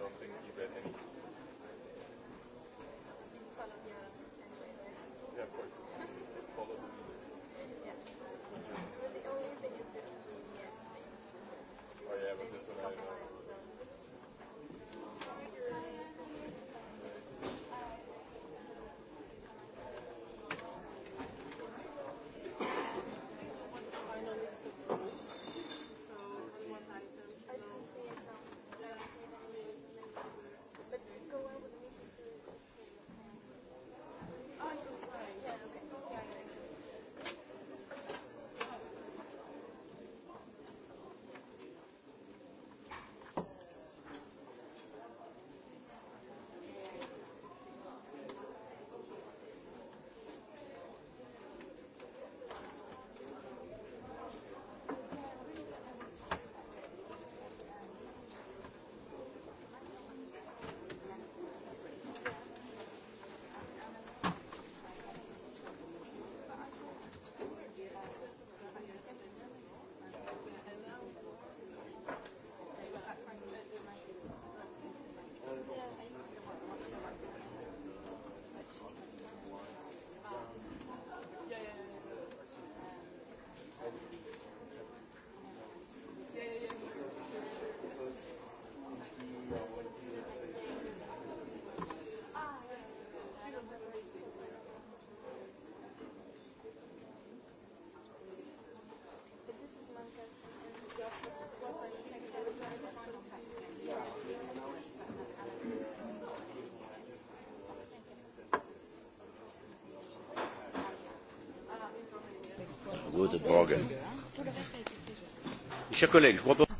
don't think you get any. Yeah, of course. Follow the leader. Yeah. But the only thing is this GPS thing. Oh yeah, but this one I know.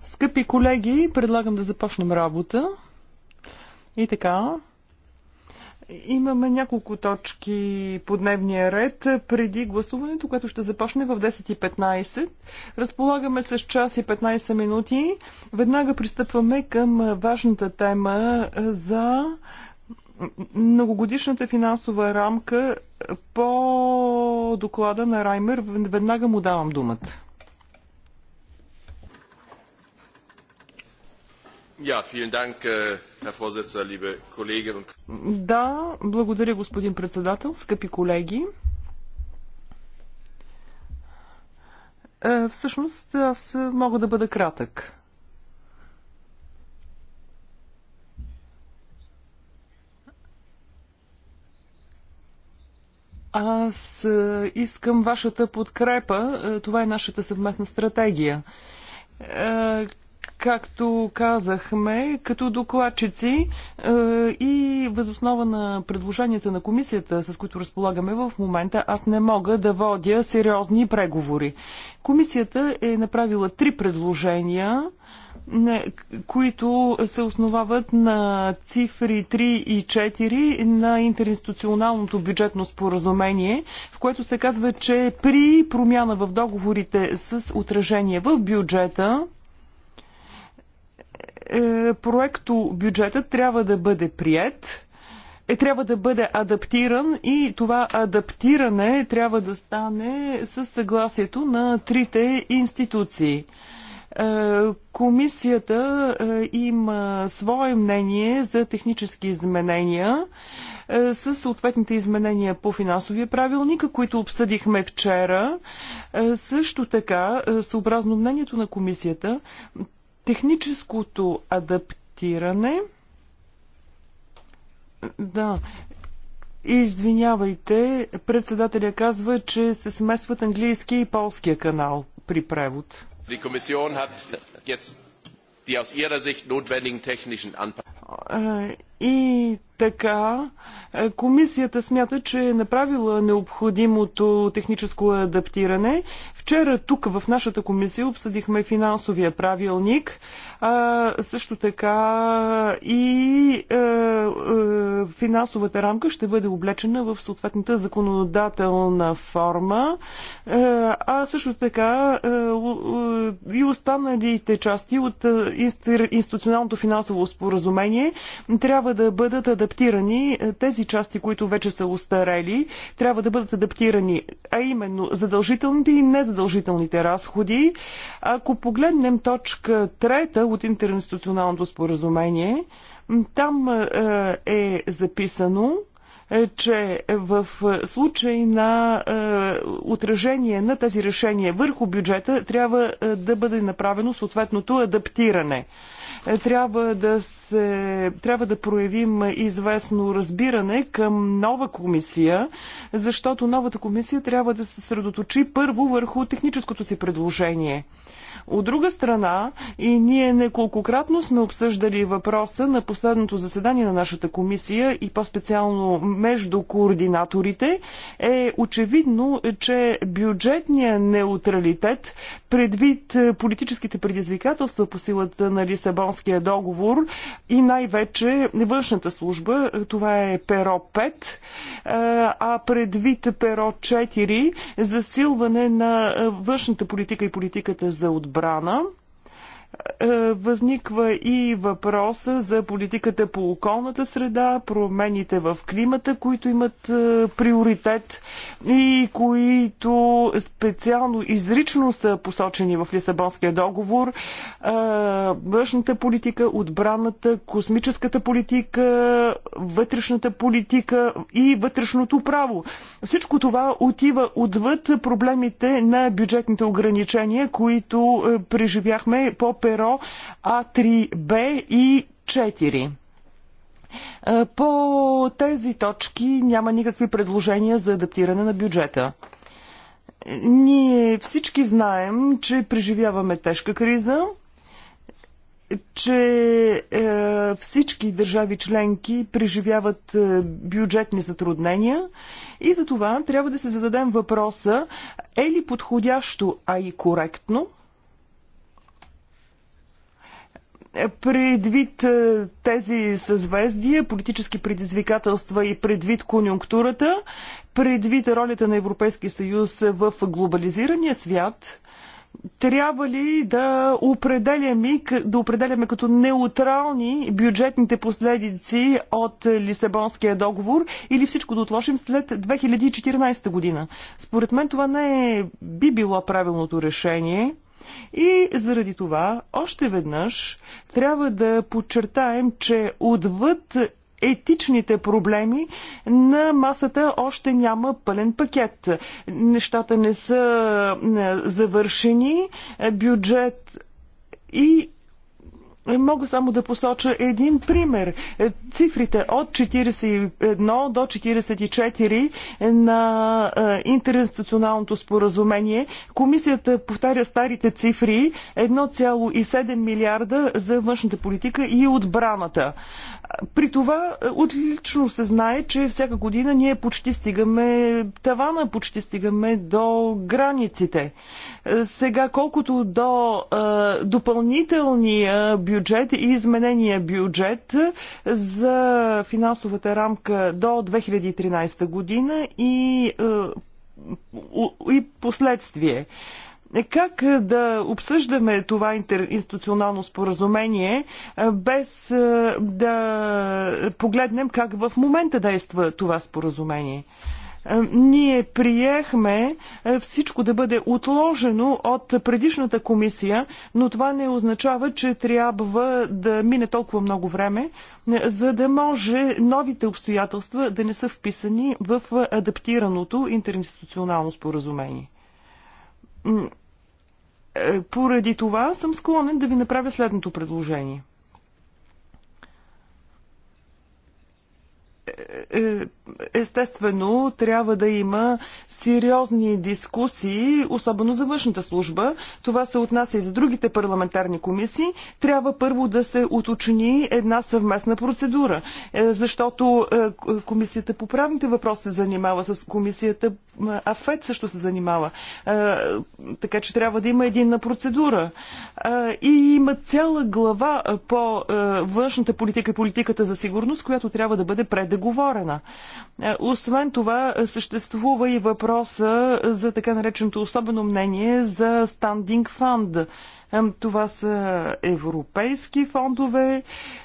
Скъпи колеги, предлагам да започнем работа. И така, имаме няколко точки по дневния ред преди гласуването, което ще започне в 10.15. Разполагаме с час и 15 минути. Веднага пристъпваме към важната тема за многогодишната финансова рамка по доклада на Раймер. Веднага му давам думата. Ja, Dank, äh, да, благодаря господин председател, скъпи колеги. Е, всъщност аз мога да бъда кратък. Аз е, искам вашата подкрепа. Е, това е нашата съвместна стратегия. Е, както казахме, като докладчици и възоснова на предложенията на комисията, с които разполагаме в момента, аз не мога да водя сериозни преговори. Комисията е направила три предложения които се основават на цифри 3 и 4 на интеринституционалното бюджетно споразумение, в което се казва, че при промяна в договорите с отражение в бюджета, е, проекто бюджетът трябва да бъде прият е, трябва да бъде адаптиран и това адаптиране трябва да стане с съгласието на трите институции. Е, комисията е, има свое мнение за технически изменения е, с съответните изменения по финансовия правилник, които обсъдихме вчера. Също така, съобразно мнението на комисията, техническото адаптиране. Да, извинявайте, председателя казва, че се смесват английски и полския канал при превод. Die Kommission hat jetzt die aus ihrer Sicht notwendigen technischen Anpassungen така, е, комисията смята, че е направила необходимото техническо адаптиране. Вчера тук в нашата комисия обсъдихме финансовия правилник, а, също така и а, е, а, е, финансовата рамка ще бъде облечена в съответната законодателна форма, а също така и останалите части от институционалното финансово споразумение трябва да бъдат адаптирани адаптирани е, тези части, които вече са устарели, трябва да бъдат адаптирани, а именно задължителните и незадължителните разходи. Ако погледнем точка трета от интернационалното споразумение, там е, е записано, е, че в случай на отражение на тези решения върху бюджета трябва да бъде направено съответното адаптиране трябва да, се, трябва да проявим известно разбиране към нова комисия, защото новата комисия трябва да се съсредоточи първо върху техническото си предложение. От друга страна, и ние неколкократно сме обсъждали въпроса на последното заседание на нашата комисия и по-специално между координаторите, е очевидно, че бюджетният неутралитет предвид е, политическите предизвикателства по силата на Лисабонския договор и най-вече външната служба, е, това е перо 5, е, а предвид перо 4 засилване на външната политика и политиката за отбрана отбрана е, възниква и въпроса за политиката по околната среда, промените в климата, които имат е, приоритет и които специално изрично са посочени в Лисабонския договор. Е, външната политика, отбраната, космическата политика, вътрешната политика и вътрешното право. Всичко това отива отвъд проблемите на бюджетните ограничения, които преживяхме по перо А3Б и 4. Е, по тези точки няма никакви предложения за адаптиране на бюджета. Ние всички знаем, че преживяваме тежка криза, че е, всички държави членки преживяват е, бюджетни затруднения и за това трябва да се зададем въпроса е ли подходящо, а и коректно – предвид е, тези съзвездия, политически предизвикателства и предвид конюнктурата, предвид ролята на Европейския съюз в глобализирания свят, трябва ли да определяме, да определяме като неутрални бюджетните последици от Лисабонския договор или всичко да отложим след 2014 година? Според мен това не е, би било правилното решение. И заради това, още веднъж, трябва да подчертаем, че отвъд етичните проблеми на масата още няма пълен пакет. Нещата не са завършени, бюджет и Мога само да посоча един пример. Е, цифрите от 41 до 44 на е, интернационалното споразумение. Комисията повтаря старите цифри 1,7 милиарда за външната политика и отбраната. При това е, отлично се знае, че всяка година ние почти стигаме тавана, почти стигаме до границите. Сега, колкото до допълнителния бюджет, бюджет и изменения бюджет за финансовата рамка до 2013 година и, е, и последствие как да обсъждаме това институционално споразумение е, без е, да погледнем как в момента действа това споразумение? Е, ние приехме е, всичко да бъде отложено от предишната комисия, но това не означава, че трябва да мине толкова много време, е, за да може новите обстоятелства да не са вписани в адаптираното интеринституционално споразумение. Поради това съм склонен да ви направя следното предложение естествено трябва да има сериозни дискусии, особено за външната служба. Това се отнася и за другите парламентарни комисии. Трябва първо да се уточни една съвместна процедура, е, защото е, комисията по правните въпроси се занимава с комисията е, АФЕД също се занимава. Така че трябва да има единна процедура. И има цяла глава по външната политика и политиката за сигурност, която трябва да бъде предеговорена. Е, освен това, е, съществува и въпроса е, за така нареченото особено мнение за стандинг фанд. Това са европейски фондове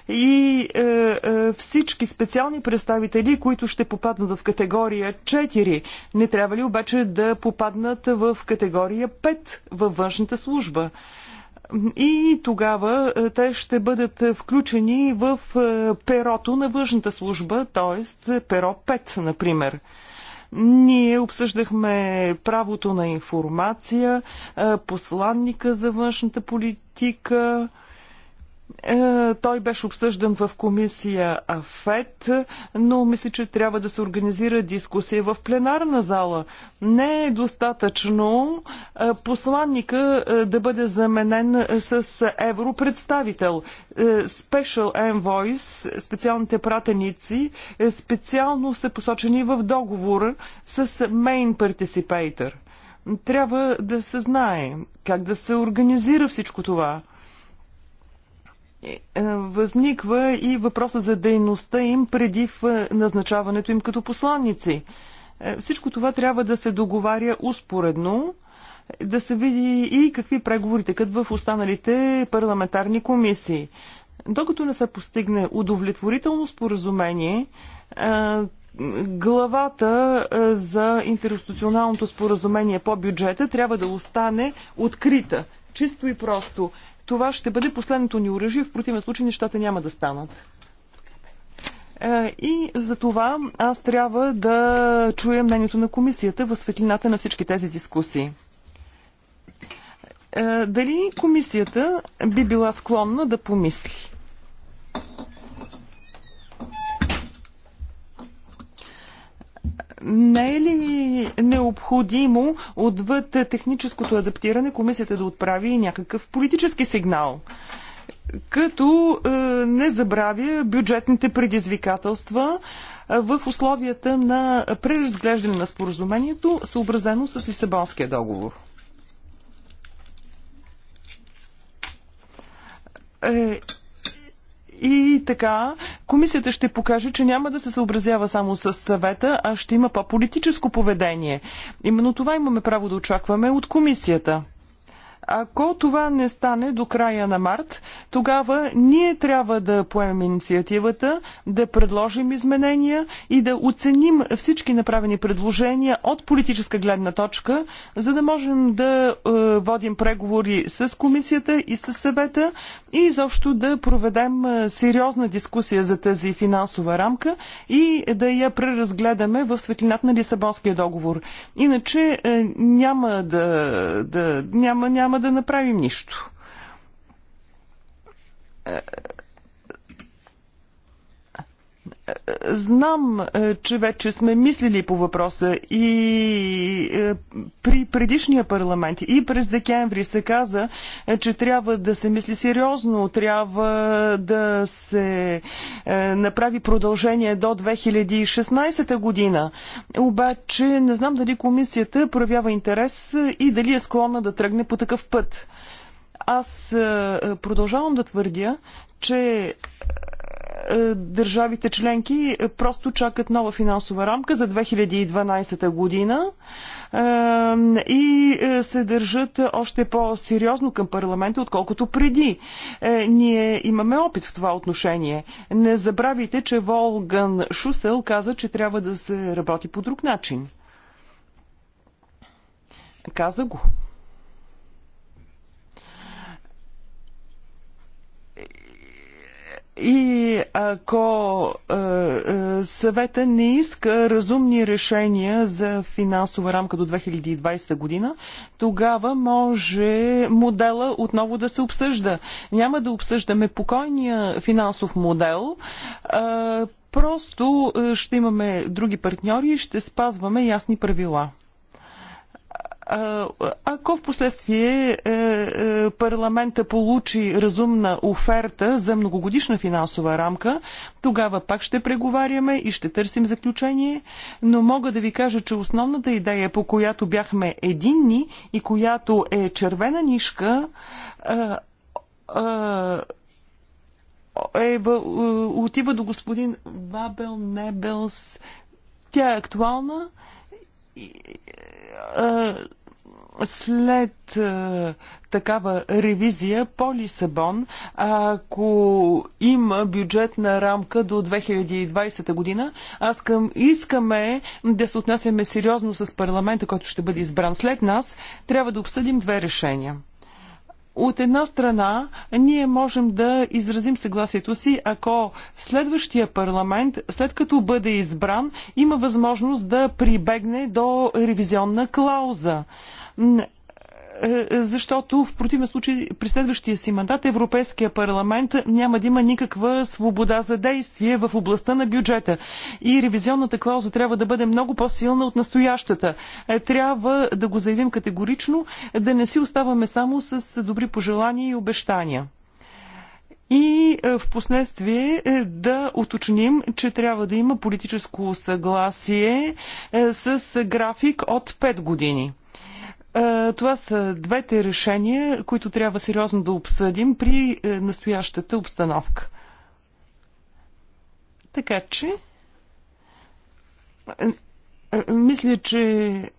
и е, е, всички специални представители, които ще попаднат в категория 4. Не трябва ли обаче да попаднат в категория 5 във външната служба? и тогава е, те ще бъдат е, включени в е, перото на външната служба, т.е. перо 5, например. Ние обсъждахме правото на информация, посланника за външната политика, е, той беше обсъждан в комисия АФЕТ, но мисля, че трябва да се организира дискусия в пленарна зала. Не е достатъчно е, посланника е, да бъде заменен с европредставител. Special Envoys, специалните пратеници, специално са посочени в договора с Main Participator. Трябва да се знае как да се организира всичко това. Е, е, възниква и въпроса за дейността им преди е, назначаването им като посланници. Всичко това трябва да се договаря успоредно, да се види и какви преговори текат в останалите парламентарни комисии. Докато не се постигне удовлетворително споразумение, главата за интерституционалното споразумение по бюджета трябва да остане открита. Чисто и просто. Това ще бъде последното ни оръжие, в противен случай нещата няма да станат. Е, и за това аз трябва да чуя мнението на комисията в светлината на всички тези дискусии. Е, дали комисията би била склонна да помисли? Не е ли необходимо отвъд техническото адаптиране комисията да отправи и някакъв политически сигнал като е, не забравя бюджетните предизвикателства е, в условията на преразглеждане на споразумението, съобразено с Лисабонския договор. Е, и така, комисията ще покаже, че няма да се съобразява само с съвета, а ще има по-политическо поведение. Именно това имаме право да очакваме от комисията. Ако това не стане до края на март, тогава ние трябва да поемем инициативата, да предложим изменения и да оценим всички направени предложения от политическа гледна точка, за да можем да е, водим преговори с комисията и с съвета и изобщо да проведем е, сериозна дискусия за тази финансова рамка и да я преразгледаме в светлината на Лисабонския договор. Иначе е, няма да, да няма, няма няма да направим нищо. Е, Знам, е, че вече сме мислили по въпроса и е, при предишния парламент и през декември се каза, е, че трябва да се мисли сериозно, трябва да се направи продължение до 2016 година. Обаче не знам дали комисията проявява интерес и дали е склонна да тръгне по такъв път. Аз продължавам да твърдя, че е, държавите членки просто чакат нова финансова рамка за 2012 година е, и е, се държат още по-сериозно към парламента, отколкото преди. Ние имаме опит в това отношение. Не забравяйте, че Волган Шусел каза, че трябва да се работи по друг начин. Каза го. И ако е, е, съвета не иска разумни решения за финансова рамка до 2020 година, тогава може модела отново да се обсъжда. Няма да обсъждаме покойния финансов модел. Е, просто е, ще имаме други партньори и ще спазваме ясни правила. Ако в последствие е, е, парламента получи разумна оферта за многогодишна финансова рамка, тогава пак ще преговаряме и ще търсим заключение, но мога да ви кажа, че основната идея, по която бяхме единни и която е червена нишка, е, е отива до господин Вабел Небелс. Тя е актуална е, след е, такава ревизия по Лисабон, ако има бюджетна рамка до 2020 година, аз към, искаме да се отнасяме сериозно с парламента, който ще бъде избран след нас, трябва да обсъдим две решения. От една страна, ние можем да изразим съгласието си, ако следващия парламент, след като бъде избран, има възможност да прибегне до ревизионна клауза. Е, е, защото в противен случай при следващия си мандат Европейския парламент няма да има никаква свобода за действие в областта на бюджета. И ревизионната клауза трябва да бъде много по-силна от настоящата. Е, трябва да го заявим категорично, да не си оставаме само с добри пожелания и обещания. И в последствие да уточним, че трябва да има политическо съгласие с график от 5 години. Е, това са двете решения, които трябва сериозно да обсъдим при е, настоящата обстановка. Така че, е, мисля, че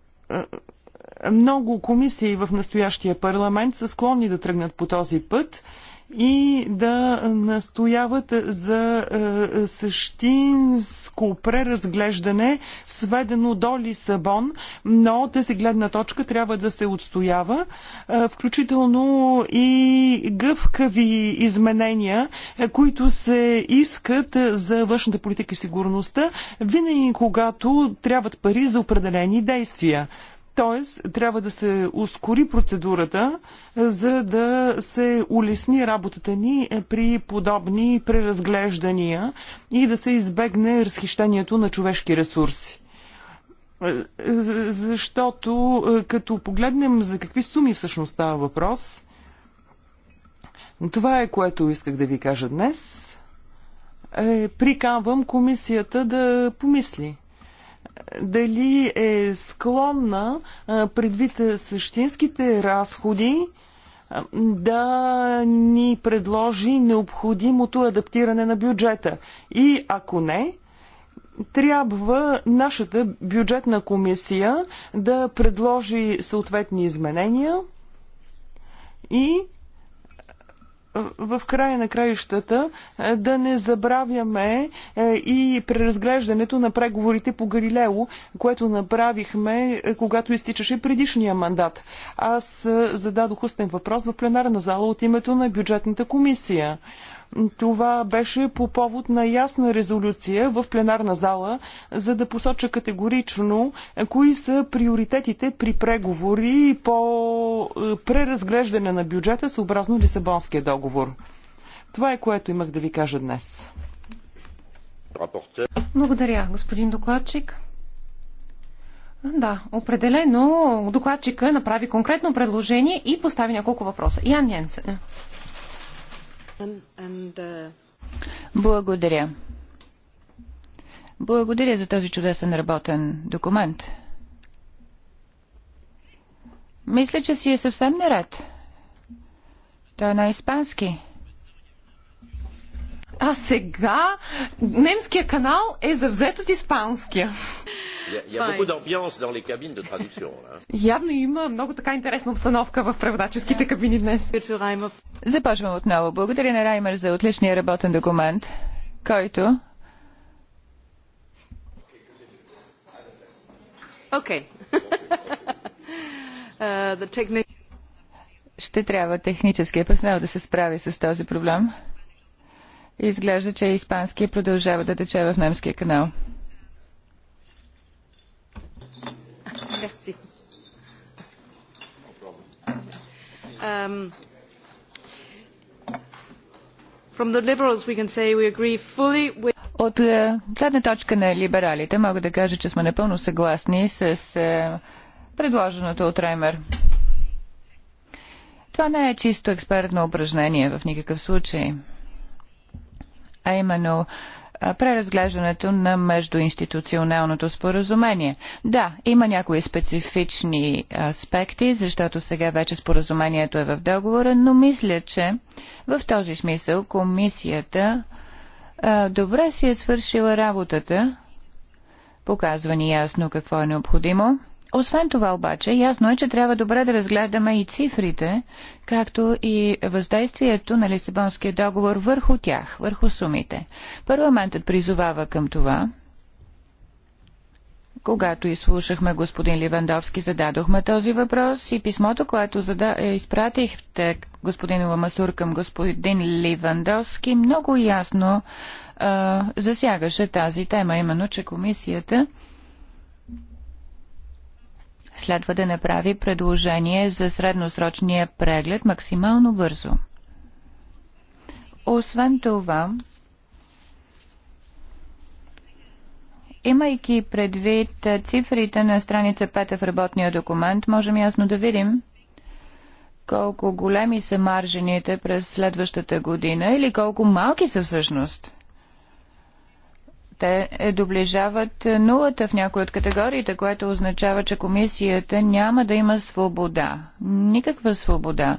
много комисии в настоящия парламент са склонни да тръгнат по този път и да настояват за е, същинско преразглеждане, сведено до Лисабон, но тази гледна точка трябва да се отстоява, е, включително и гъвкави изменения, е, които се искат за външната политика и сигурността, винаги когато трябват пари за определени действия. Т.е. трябва да се ускори процедурата, е, за да се улесни работата ни е, при подобни преразглеждания и да се избегне разхищението на човешки ресурси. Е, защото, като погледнем за какви суми всъщност става въпрос, това е което исках да ви кажа днес. Приканвам комисията да помисли дали е склонна предвид същинските разходи да ни предложи необходимото адаптиране на бюджета. И ако не, трябва нашата бюджетна комисия да предложи съответни изменения и в края на краищата е, да не забравяме е, и преразглеждането на преговорите по Галилео, което направихме, е, когато изтичаше предишния мандат. Аз зададох устен въпрос в пленарна зала от името на бюджетната комисия. Това беше по повод на ясна резолюция в пленарна зала, за да посоча категорично кои са приоритетите при преговори по е, преразглеждане на бюджета съобразно Лисабонския договор. Това е което имах да ви кажа днес. Благодаря, господин докладчик. Да, определено докладчика направи конкретно предложение и постави няколко въпроса. Ян Янсен. Благодаря. Благодаря за този чудесен работен документ. Мисля, че си е съвсем наред. Той е на испански. А сега немския канал е завзет от испанския. Явно има много така интересна обстановка в преводаческите кабини днес. Започвам отново. Благодаря на Раймер за отличния работен документ, който Окей. Ще трябва техническия персонал да се справи с този проблем. И изглежда, че испанския продължава да тече в немския канал. От е, гледна точка на либералите мога да кажа, че сме напълно съгласни с е, предложеното от Реймер. Това не е чисто експертно упражнение в никакъв случай а именно преразглеждането на междуинституционалното споразумение. Да, има някои специфични аспекти, защото сега вече споразумението е в договора, но мисля, че в този смисъл комисията а, добре си е свършила работата, показва ни ясно какво е необходимо – освен това обаче, ясно е, че трябва добре да разгледаме и цифрите, както и въздействието на Лисабонския договор върху тях, върху сумите. Парламентът призовава към това. Когато изслушахме господин Ливандовски, зададохме този въпрос и писмото, което зада... Е, изпратихте господин Ламасур към господин Ливандовски, много ясно а, засягаше тази тема, именно, че комисията следва да направи предложение за средносрочния преглед максимално бързо. Освен това, имайки предвид цифрите на страница 5 в работния документ, можем ясно да видим, колко големи са маржените през следващата година или колко малки са всъщност те е, доближават е, нулата в някои от категориите, което означава, че комисията няма да има свобода, никаква свобода,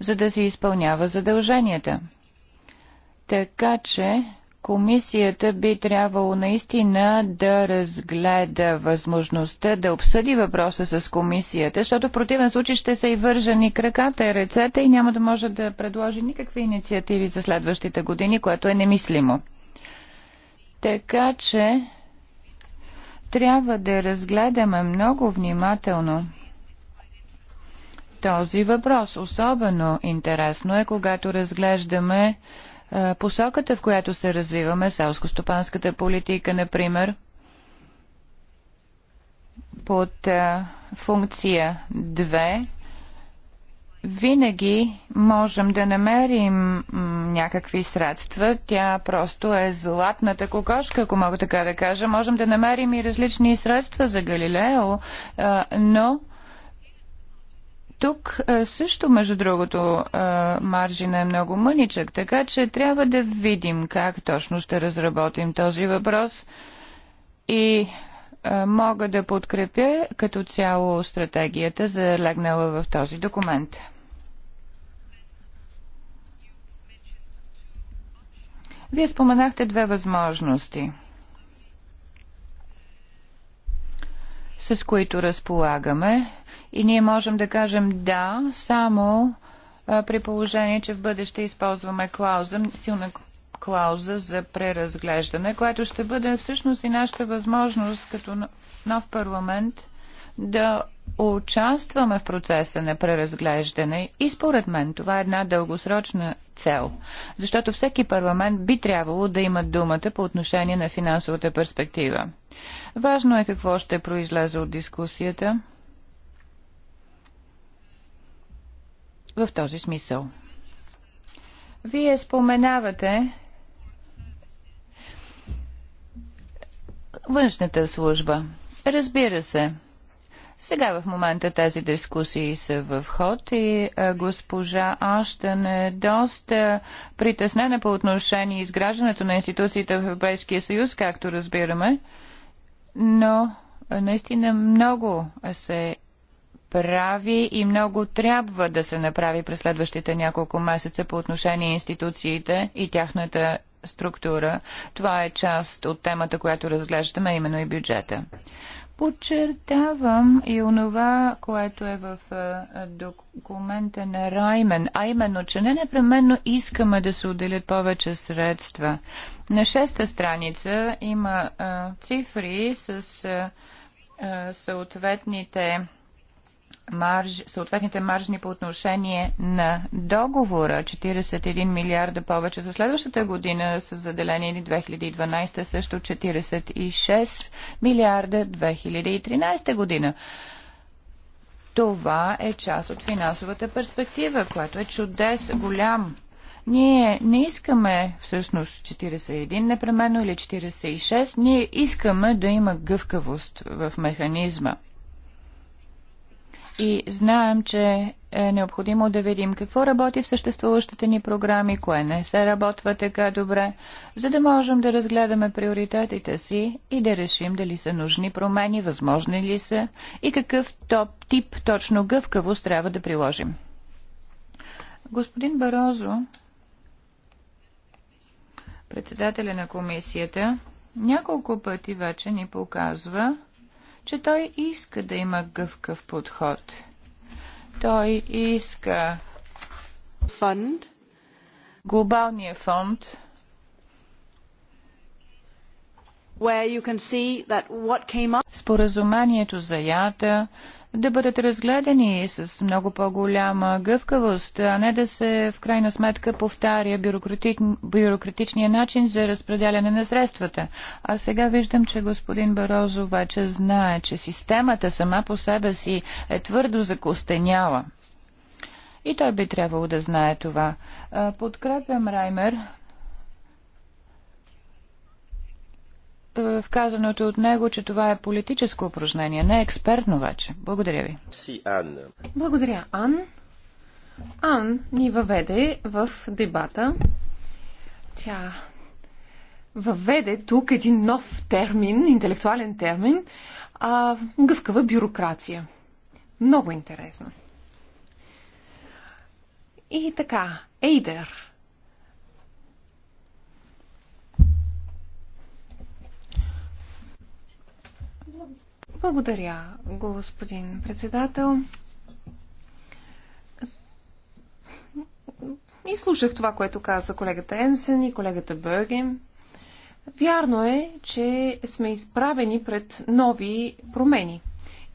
за да се изпълнява задълженията. Така че комисията би трябвало наистина да разгледа възможността да обсъди въпроса с комисията, защото в противен случай ще са и вържени краката и ръцете и няма да може да предложи никакви инициативи за следващите години, което е немислимо. Така че трябва да разгледаме много внимателно този въпрос. Особено интересно е, когато разглеждаме посоката, в която се развиваме, селско-стопанската политика, например, под функция 2 винаги можем да намерим някакви средства. Тя просто е златната кокошка, ако мога така да кажа. Можем да намерим и различни средства за Галилео, но тук също, между другото, маржина е много мъничък, така че трябва да видим как точно ще разработим този въпрос. И мога да подкрепя като цяло стратегията, залегнала в този документ. Вие споменахте две възможности, с които разполагаме и ние можем да кажем да, само а, при положение, че в бъдеще използваме клауза, силна клауза за преразглеждане, което ще бъде всъщност и нашата възможност като нов парламент да участваме в процеса на преразглеждане и според мен това е една дългосрочна цел, защото всеки парламент би трябвало да има думата по отношение на финансовата перспектива. Важно е какво ще произлезе от дискусията в този смисъл. Вие споменавате външната служба. Разбира се, сега в момента тези дискусии са в ход и госпожа Аштен е доста притеснена по отношение изграждането на институциите в Европейския съюз, както разбираме, но наистина много се прави и много трябва да се направи през следващите няколко месеца по отношение институциите и тяхната структура. Това е част от темата, която разглеждаме, именно и бюджета. Подчертавам и онова, което е в документа на Раймен, а именно, че не непременно искаме да се отделят повече средства. На шеста страница има а, цифри с а, съответните марж, съответните маржни по отношение на договора. 41 милиарда повече за следващата година са заделени 2012, също 46 милиарда 2013 година. Това е част от финансовата перспектива, която е чудес, голям ние не искаме всъщност 41 непременно или 46, ние искаме да има гъвкавост в механизма и знаем, че е необходимо да видим какво работи в съществуващите ни програми, кое не се работва така добре, за да можем да разгледаме приоритетите си и да решим дали са нужни промени, възможни ли са и какъв топ тип точно гъвкавост трябва да приложим. Господин Барозо, председателя на комисията, няколко пъти вече ни показва, че той иска да има гъвкав подход. Той иска фонд, глобалния фонд, Споразумението за яда, да бъдат разгледани с много по-голяма гъвкавост, а не да се в крайна сметка повтаря бюрократи... бюрократичния начин за разпределяне на средствата. А сега виждам, че господин Барозо вече знае, че системата сама по себе си е твърдо закостеняла. И той би трябвало да знае това. Подкрепям Раймер в казаното от него, че това е политическо упражнение, не е експертно вече. Благодаря ви. Си, Ан. Благодаря, Ан. Ан ни въведе в дебата. Тя въведе тук един нов термин, интелектуален термин, а, гъвкава бюрокрация. Много интересно. И така, Ейдер Благодаря, господин председател. И слушах това, което каза колегата Енсен и колегата Бърген. Вярно е, че сме изправени пред нови промени.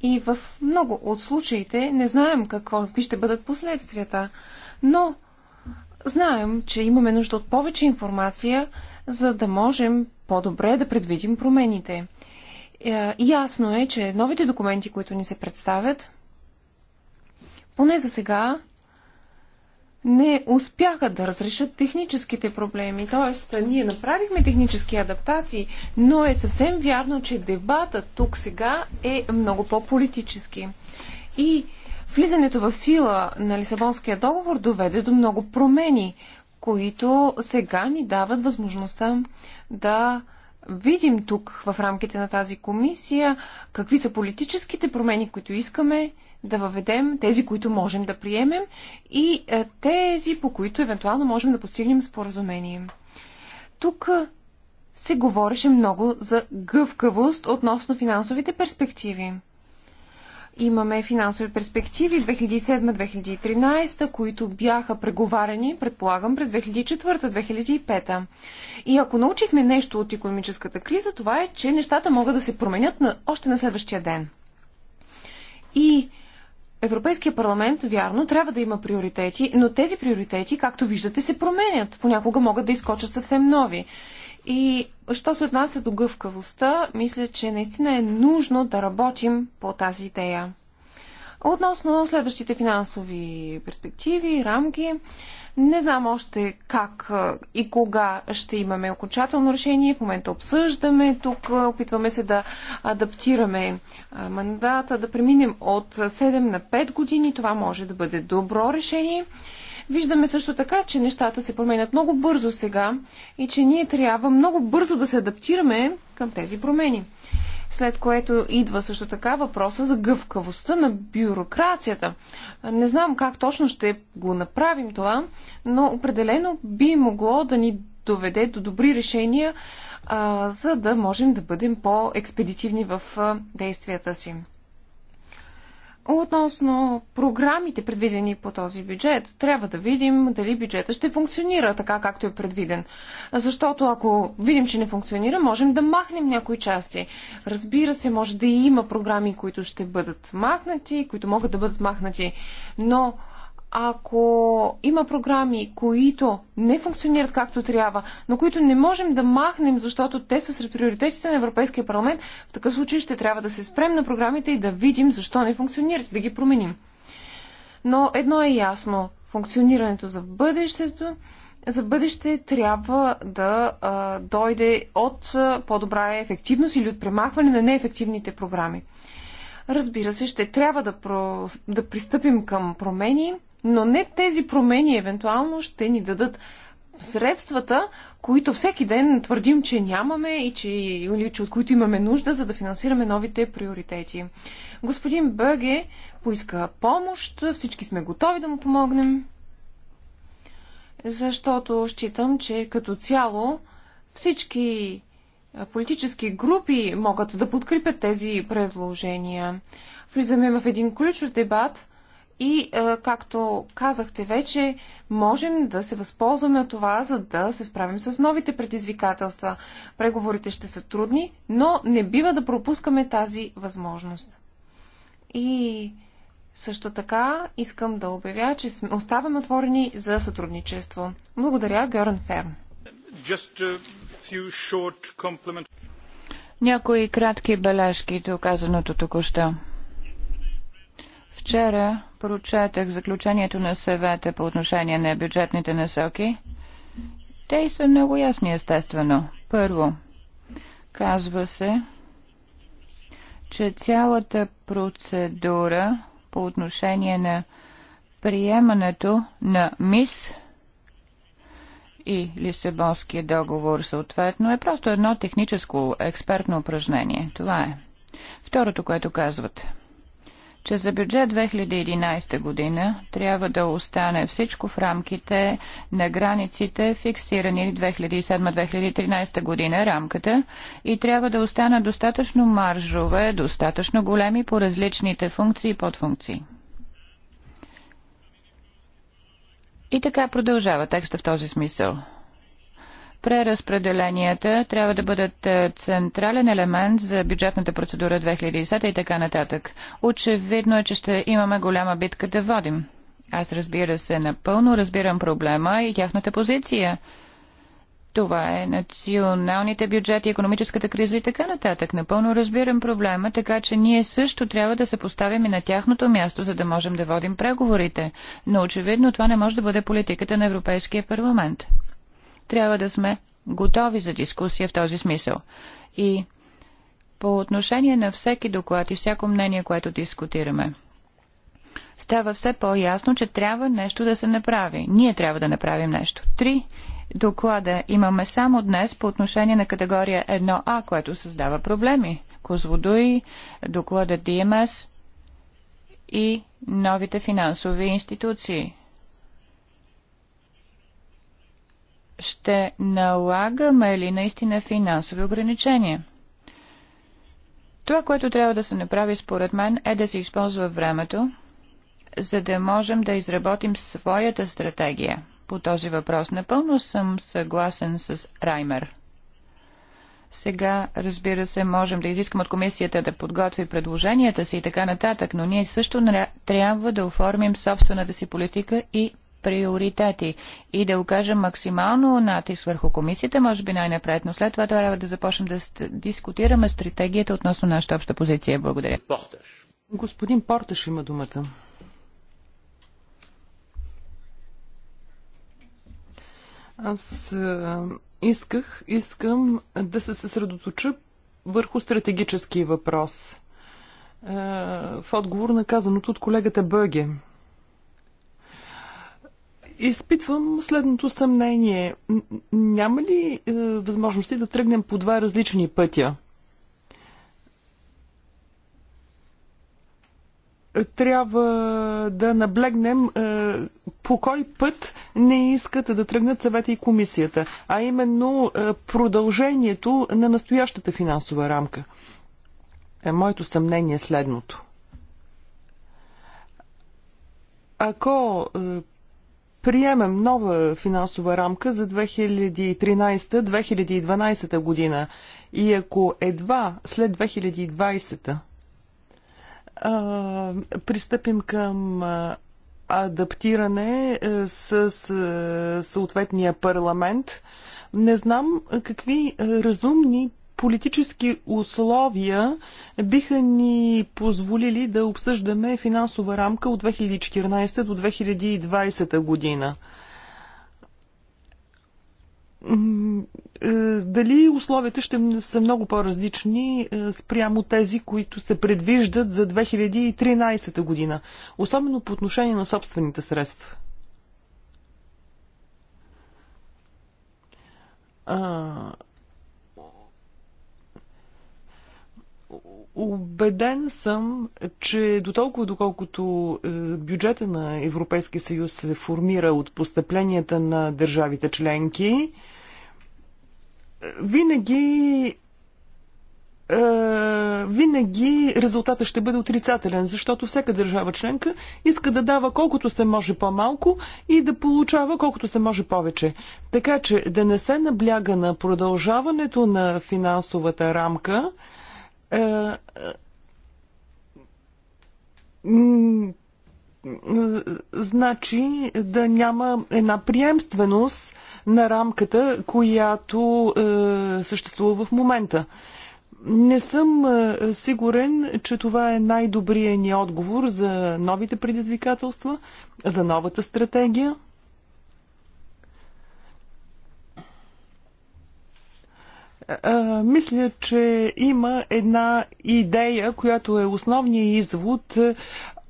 И в много от случаите не знаем какво ще бъдат последствията, но знаем, че имаме нужда от повече информация, за да можем по-добре да предвидим промените. Е, ясно е, че новите документи, които ни се представят, поне за сега не успяха да разрешат техническите проблеми. Тоест, ние направихме технически адаптации, но е съвсем вярно, че дебатът тук сега е много по-политически. И влизането в сила на Лисабонския договор доведе до много промени, които сега ни дават възможността да видим тук в рамките на тази комисия какви са политическите промени, които искаме да въведем, тези, които можем да приемем и е, тези, по които евентуално можем да постигнем споразумение. Тук е, се говореше много за гъвкавост относно финансовите перспективи. Имаме финансови перспективи 2007-2013, които бяха преговарени, предполагам, през 2004-2005. И ако научихме нещо от економическата криза, това е, че нещата могат да се променят на, още на следващия ден. И Европейския парламент, вярно, трябва да има приоритети, но тези приоритети, както виждате, се променят. Понякога могат да изкочат съвсем нови. И Що се отнася до гъвкавостта, мисля, че наистина е нужно да работим по тази идея. Относно следващите финансови перспективи, рамки, не знам още как и кога ще имаме окончателно решение. В момента обсъждаме тук, опитваме се да адаптираме мандата, да преминем от 7 на 5 години. Това може да бъде добро решение. Виждаме също така, че нещата се променят много бързо сега и че ние трябва много бързо да се адаптираме към тези промени. След което идва също така въпроса за гъвкавостта на бюрокрацията. Не знам как точно ще го направим това, но определено би могло да ни доведе до добри решения, а, за да можем да бъдем по-експедитивни в а, действията си. Относно програмите, предвидени по този бюджет, трябва да видим дали бюджета ще функционира така, както е предвиден. Защото ако видим, че не функционира, можем да махнем някои части. Разбира се, може да и има програми, които ще бъдат махнати, които могат да бъдат махнати, но ако има програми, които не функционират както трябва, но които не можем да махнем, защото те са сред приоритетите на Европейския парламент, в такъв случай ще трябва да се спрем на програмите и да видим защо не функционират, да ги променим. Но едно е ясно. Функционирането за бъдещето, за бъдеще трябва да а, дойде от по-добра ефективност или от премахване на неефективните програми. Разбира се, ще трябва да, про... да пристъпим към промени но не тези промени евентуално ще ни дадат средствата, които всеки ден твърдим, че нямаме и че, или че от които имаме нужда, за да финансираме новите приоритети. Господин Бъге поиска помощ, всички сме готови да му помогнем, защото считам, че като цяло всички политически групи могат да подкрепят тези предложения. Влизаме в един ключов дебат и, е, както казахте вече, можем да се възползваме от това, за да се справим с новите предизвикателства. Преговорите ще са трудни, но не бива да пропускаме тази възможност. И също така искам да обявя, че оставаме отворени за сътрудничество. Благодаря, Георен Ферн. Някои кратки бележки до казаното току-що. Вчера прочетах заключението на съвета по отношение на бюджетните насоки. Те са много ясни, естествено. Първо, казва се, че цялата процедура по отношение на приемането на МИС и Лисабонския договор съответно е просто едно техническо експертно упражнение. Това е. Второто, което казвате – че за бюджет 2011 година трябва да остане всичко в рамките на границите, фиксирани 2007-2013 година рамката и трябва да останат достатъчно маржове, достатъчно големи по различните функции и подфункции. И така продължава текста в този смисъл преразпределенията трябва да бъдат е, централен елемент за бюджетната процедура 2010 и така нататък. Очевидно е, че ще имаме голяма битка да водим. Аз разбира се, напълно разбирам проблема и тяхната позиция. Това е националните бюджети, економическата криза и така нататък. Напълно разбирам проблема, така че ние също трябва да се поставим и на тяхното място, за да можем да водим преговорите. Но очевидно това не може да бъде политиката на Европейския парламент трябва да сме готови за дискусия в този смисъл. И по отношение на всеки доклад и всяко мнение, което дискутираме, става все по-ясно, че трябва нещо да се направи. Ние трябва да направим нещо. Три доклада имаме само днес по отношение на категория 1А, което създава проблеми. Козводуи, доклада ДМС и новите финансови институции. ще налагаме ли наистина финансови ограничения? Това, което трябва да се направи според мен е да се използва времето, за да можем да изработим своята стратегия. По този въпрос напълно съм съгласен с Раймер. Сега, разбира се, можем да изискам от комисията да подготви предложенията си и така нататък, но ние също трябва да оформим собствената си политика и приоритети и да окажем максимално натиск върху комисията, може би най-напред, но след това трябва да започнем да дискутираме стратегията относно нашата обща позиция. Благодаря. Порташ. Господин Порташ има думата. Аз исках, искам да се съсредоточа върху стратегически въпрос. В отговор на казаното от колегата Бъге изпитвам следното съмнение. Няма ли е, възможности да тръгнем по два различни пътя? трябва да наблегнем е, по кой път не искат да тръгнат съвета и комисията, а именно е, продължението на настоящата финансова рамка. Е, моето съмнение е следното. Ако приемем нова финансова рамка за 2013-2012 година и ако едва след 2020 пристъпим към адаптиране с съответния парламент, не знам какви разумни политически условия биха ни позволили да обсъждаме финансова рамка от 2014 до 2020 година. Е, дали условията ще са много по-различни е, спрямо тези, които се предвиждат за 2013 година, особено по отношение на собствените средства? А, Обеден съм, че до толкова доколкото е, бюджета на Европейския съюз се формира от постъпленията на държавите членки, е, винаги е, винаги резултата ще бъде отрицателен, защото всяка държава членка иска да дава колкото се може по-малко и да получава колкото се може повече. Така че да не се набляга на продължаването на финансовата рамка, значи да няма една приемственост на рамката, която е, съществува в момента. Не съм е, сигурен, че това е най-добрият ни отговор за новите предизвикателства, за новата стратегия. мисля, че има една идея, която е основният извод е,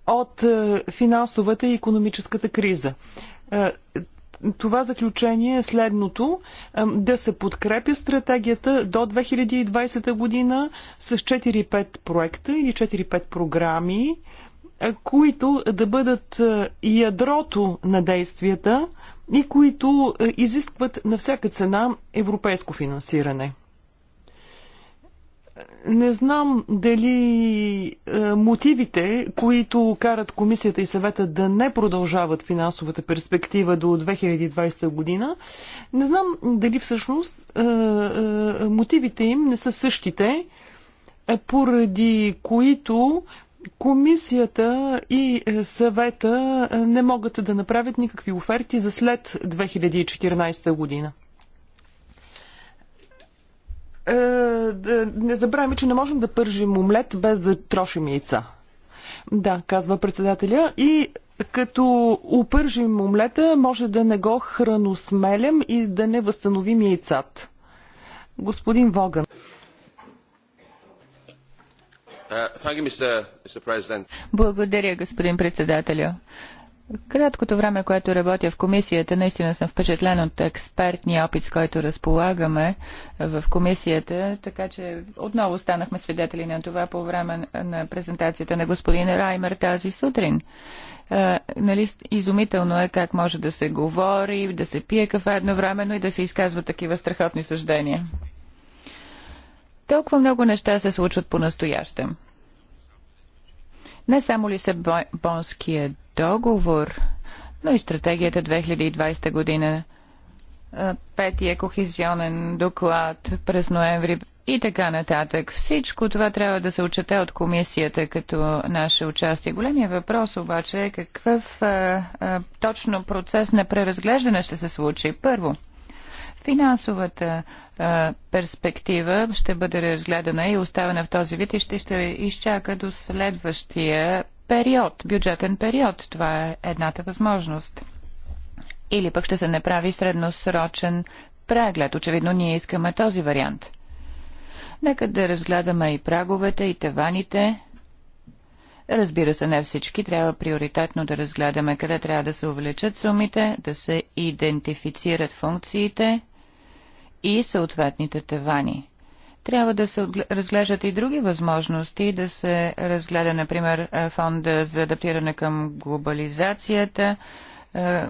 от е, финансовата и економическата криза. Това заключение е следното е, да се подкрепи стратегията до 2020 година с 4-5 проекта или 4-5 програми, които да бъдат ядрото на действията и които изискват на всяка цена европейско финансиране. Не знам дали е, мотивите, които карат комисията и съвета да не продължават финансовата перспектива до 2020 година, не знам дали всъщност е, е, мотивите им не са същите, поради които комисията и съвета не могат да направят никакви оферти за след 2014 година. Е, не забравяме, че не можем да пържим омлет без да трошим яйца. Да, казва председателя. И като опържим омлета, може да не го храносмелям и да не възстановим яйцата. Господин Воган. Е, Благодаря, господин председателя краткото време, което работя в комисията, наистина съм впечатлен от експертния опит, с който разполагаме в комисията, така че отново станахме свидетели на това по време на презентацията на господин Раймер тази сутрин. А, нали, изумително е как може да се говори, да се пие кафе едновременно и да се изказват такива страхотни съждения. Толкова много неща се случват по-настоящем. Не само ли бонският договор, но и стратегията 2020 година, петия кохезионен доклад през ноември и така нататък. Всичко това трябва да се отчете от комисията като наше участие. Големия въпрос обаче е какъв а, а, точно процес на преразглеждане ще се случи. Първо, финансовата а, перспектива ще бъде разгледана и оставена в този вид и ще, ще изчака до следващия период, бюджетен период. Това е едната възможност. Или пък ще се направи средносрочен преглед. Очевидно ние искаме този вариант. Нека да разгледаме и праговете, и таваните. Разбира се, не всички. Трябва приоритетно да разгледаме къде трябва да се увеличат сумите, да се идентифицират функциите и съответните тавани. Трябва да се разглеждат и други възможности, да се разгледа, например, е, фонда за адаптиране към глобализацията, е,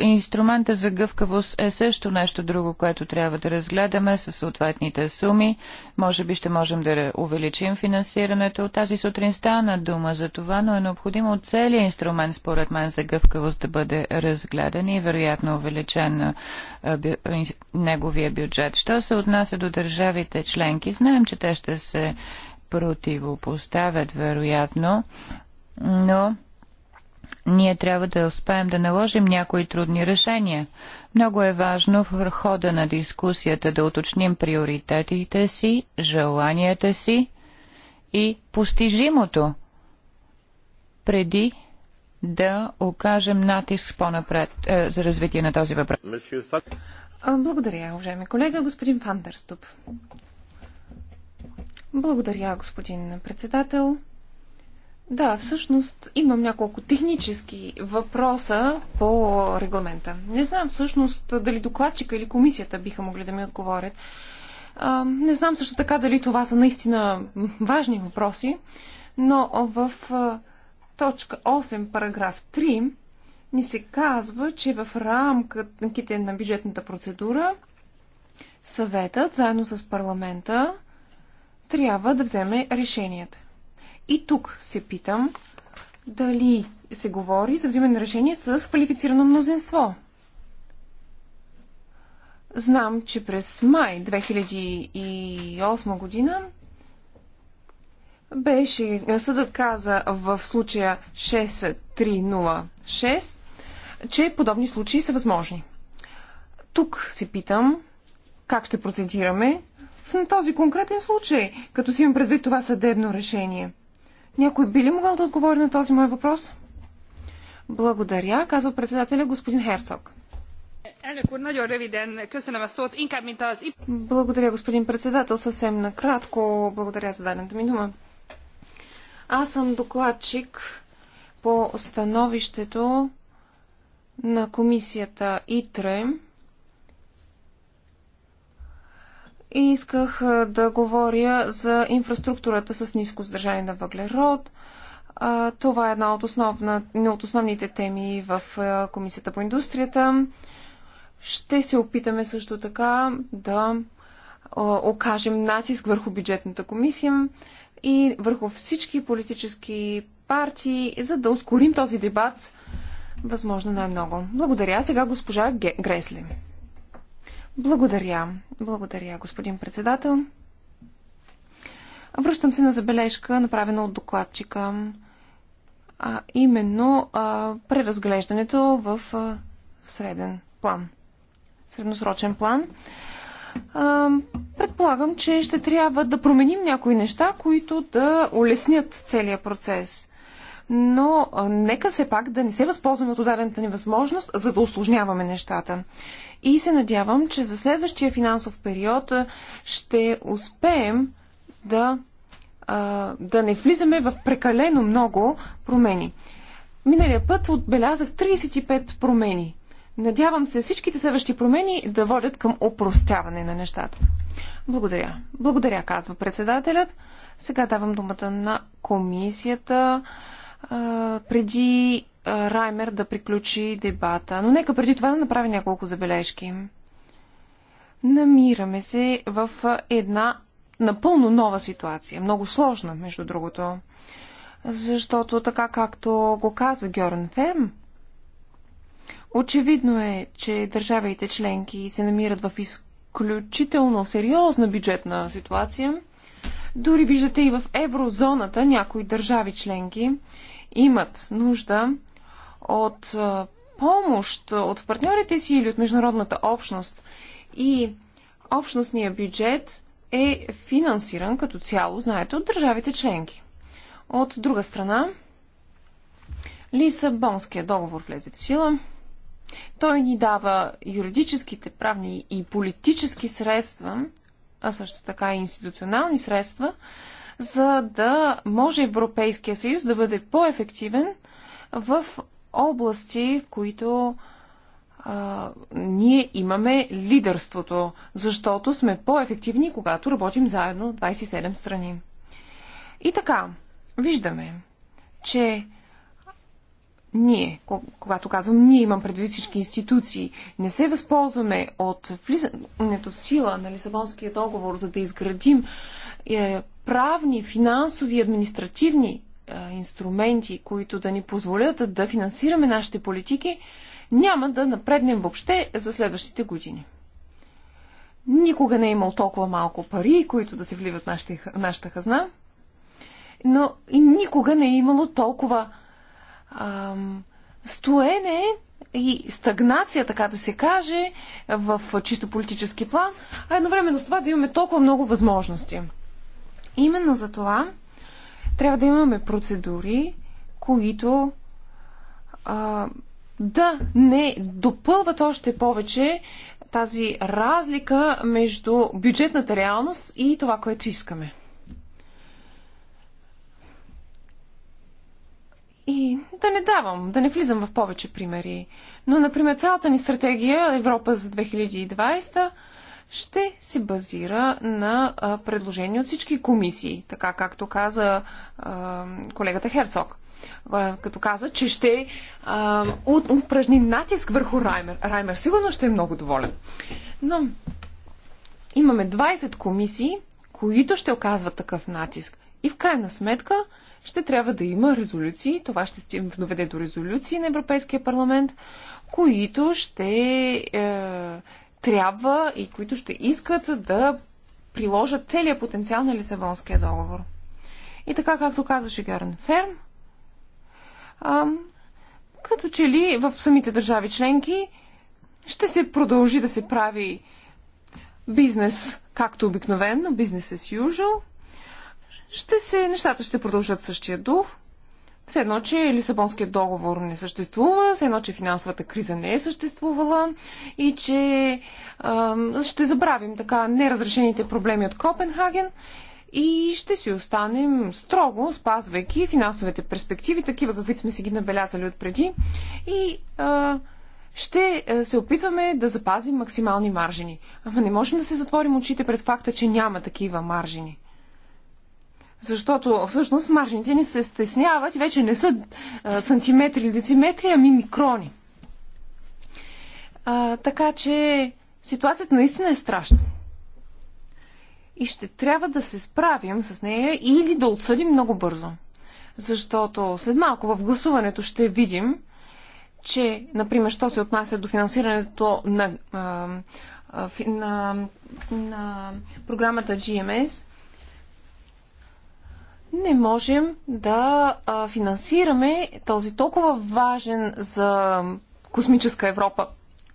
инструмента за гъвкавост е също нещо друго, което трябва да разгледаме със съответните суми. Може би ще можем да увеличим финансирането. Тази сутрин стана дума за това, но е необходимо целият инструмент, според мен, за гъвкавост да бъде разгледан и вероятно увеличен е, неговия бюджет. Що се отнася до държавите членки, знаем, че те ще се противопоставят, вероятно, но ние трябва да успеем да наложим някои трудни решения. Много е важно в хода на дискусията да уточним приоритетите си, желанията си и постижимото преди да окажем натиск по-напред е, за развитие на този въпрос. Благодаря, уважаеми колега, господин Фандерступ. Благодаря, господин председател. Да, всъщност имам няколко технически въпроса по регламента. Не знам всъщност дали докладчика или комисията биха могли да ми отговорят. Не знам също така дали това са наистина важни въпроси, но в точка 8, параграф 3 ни се казва, че в рамките на бюджетната процедура съветът, заедно с парламента, трябва да вземе решенията. И тук се питам дали се говори за взимане на решение с квалифицирано мнозинство. Знам, че през май 2008 година беше, съдът каза в случая 6306, че подобни случаи са възможни. Тук се питам как ще процедираме в този конкретен случай, като си имам предвид това съдебно решение – някой би ли могъл да отговори на този мой въпрос? Благодаря, казва председателя господин Херцог. Благодаря, господин председател. Съвсем накратко, благодаря за дадената ми дума. Аз съм докладчик по становището на комисията ИТРЕМ. И исках да говоря за инфраструктурата с ниско съдържание на въглерод. Това е една от, основна, от основните теми в Комисията по индустрията. Ще се опитаме също така да окажем натиск върху бюджетната комисия и върху всички политически партии, за да ускорим този дебат възможно най-много. Благодаря. Сега госпожа Гресли. Благодаря. Благодаря, господин председател. Връщам се на забележка, направена от докладчика, а именно а, преразглеждането в а, среден план, средносрочен план. А, предполагам, че ще трябва да променим някои неща, които да улеснят целият процес но нека все пак да не се възползваме от ударената ни възможност, за да осложняваме нещата. И се надявам, че за следващия финансов период ще успеем да, да не влизаме в прекалено много промени. Миналия път отбелязах 35 промени. Надявам се всичките следващи промени да водят към опростяване на нещата. Благодаря. Благодаря, казва председателят. Сега давам думата на комисията преди Раймер да приключи дебата. Но нека преди това да направя няколко забележки. Намираме се в една напълно нова ситуация. Много сложна, между другото. Защото така както го каза Георн Ферм, очевидно е, че държавите членки се намират в изключително сериозна бюджетна ситуация. Дори виждате и в еврозоната някои държави членки имат нужда от помощ от партньорите си или от международната общност. И общностният бюджет е финансиран като цяло, знаете, от държавите членки. От друга страна, Лисабонския договор влезе в сила. Той ни дава юридическите, правни и политически средства, а също така и институционални средства, за да може Европейския съюз да бъде по-ефективен в области, в които а, ние имаме лидерството, защото сме по-ефективни, когато работим заедно 27 страни. И така, виждаме, че ние, когато казвам ние, имам предвид всички институции, не се възползваме от влизането в сила на Лисабонския договор, за да изградим е, правни, финансови и административни а, инструменти, които да ни позволят да финансираме нашите политики, няма да напреднем въобще за следващите години. Никога не е имал толкова малко пари, които да се вливат нашите, нашата хазна, но и никога не е имало толкова ам, стоене и стагнация, така да се каже, в чисто политически план, а едновременно с това да имаме толкова много възможности. Именно за това трябва да имаме процедури, които а, да не допълват още повече тази разлика между бюджетната реалност и това, което искаме. И да не давам, да не влизам в повече примери. Но, например, цялата ни стратегия Европа за 2020 ще се базира на предложения от всички комисии, така както каза колегата Херцог като каза, че ще упражни натиск върху Раймер. Раймер сигурно ще е много доволен. Но имаме 20 комисии, които ще оказват такъв натиск. И в крайна сметка ще трябва да има резолюции. Това ще доведе до резолюции на Европейския парламент, които ще е, трябва и които ще искат да приложат целият потенциал на Лисабонския договор. И така, както казваше Герн Ферм, ам, като че ли в самите държави членки ще се продължи да се прави бизнес както обикновено, бизнес as usual, ще се, нещата ще продължат същия дух, все едно, че Лисабонският договор не съществува, все едно, че финансовата криза не е съществувала и че а, ще забравим така неразрешените проблеми от Копенхаген и ще си останем строго, спазвайки финансовите перспективи, такива каквито сме си ги набелязали отпреди и а, ще се опитваме да запазим максимални маржини. Ама не можем да се затворим очите пред факта, че няма такива маржини. Защото всъщност маржните ни се стесняват и вече не са а, сантиметри или дециметри, ами микрони. А, така че ситуацията наистина е страшна. И ще трябва да се справим с нея или да отсъдим много бързо. Защото след малко в гласуването ще видим, че, например, що се отнася до финансирането на, а, на, на програмата GMS, не можем да финансираме този толкова важен за космическа Европа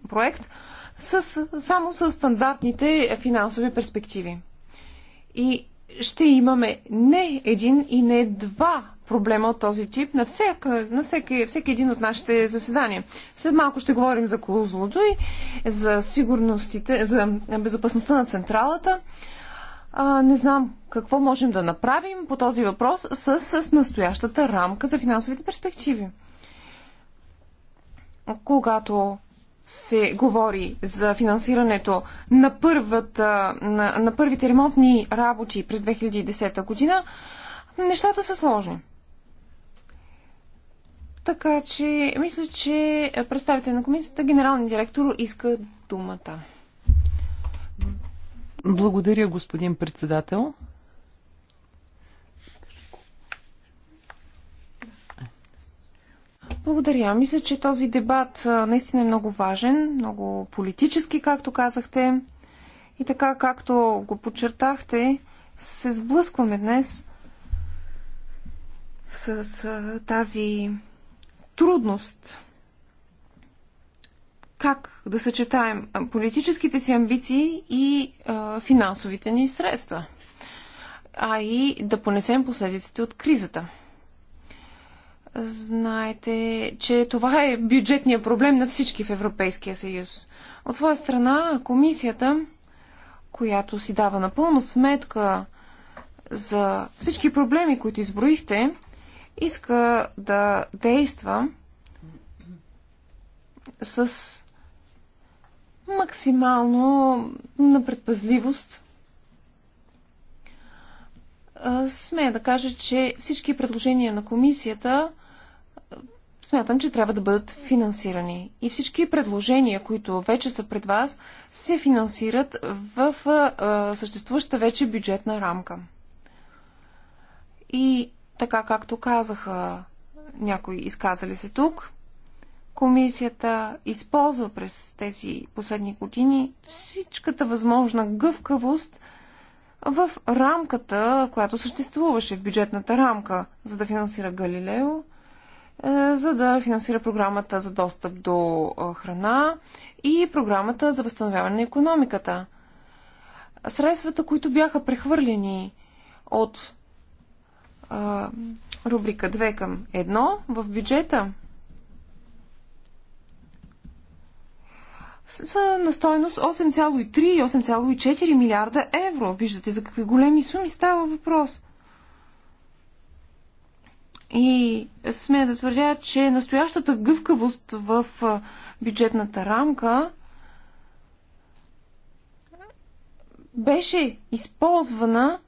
проект с, само с стандартните финансови перспективи. И ще имаме не един и не два проблема от този тип на, всяка, на всеки, всеки един от нашите заседания. След малко ще говорим за Козлодуй, за сигурностите, за безопасността на централата а, не знам какво можем да направим по този въпрос с, с настоящата рамка за финансовите перспективи. Когато се говори за финансирането на, първата, на, на първите ремонтни работи през 2010 година, нещата са сложни. Така че, мисля, че представител на комисията, генералния директор, иска думата. Благодаря, господин председател. Благодаря. Мисля, че този дебат наистина е много важен, много политически, както казахте. И така, както го подчертахте, се сблъскваме днес с тази трудност как да съчетаем политическите си амбиции и а, финансовите ни средства, а и да понесем последиците от кризата. Знаете, че това е бюджетният проблем на всички в Европейския съюз. От своя страна, комисията, която си дава напълно сметка за всички проблеми, които изброихте, иска да действа с максимално на предпазливост. Смея да кажа, че всички предложения на комисията смятам, че трябва да бъдат финансирани. И всички предложения, които вече са пред вас, се финансират в съществуваща вече бюджетна рамка. И така както казаха някои изказали се тук, комисията използва през тези последни години всичката възможна гъвкавост в рамката, която съществуваше в бюджетната рамка, за да финансира Галилео, е, за да финансира програмата за достъп до е, храна и програмата за възстановяване на економиката. Средствата, които бяха прехвърлени от е, рубрика 2 към 1 в бюджета са на стойност 8,3 и 8,4 милиарда евро. Виждате за какви големи суми става въпрос. И сме да твърдя, че настоящата гъвкавост в бюджетната рамка беше използвана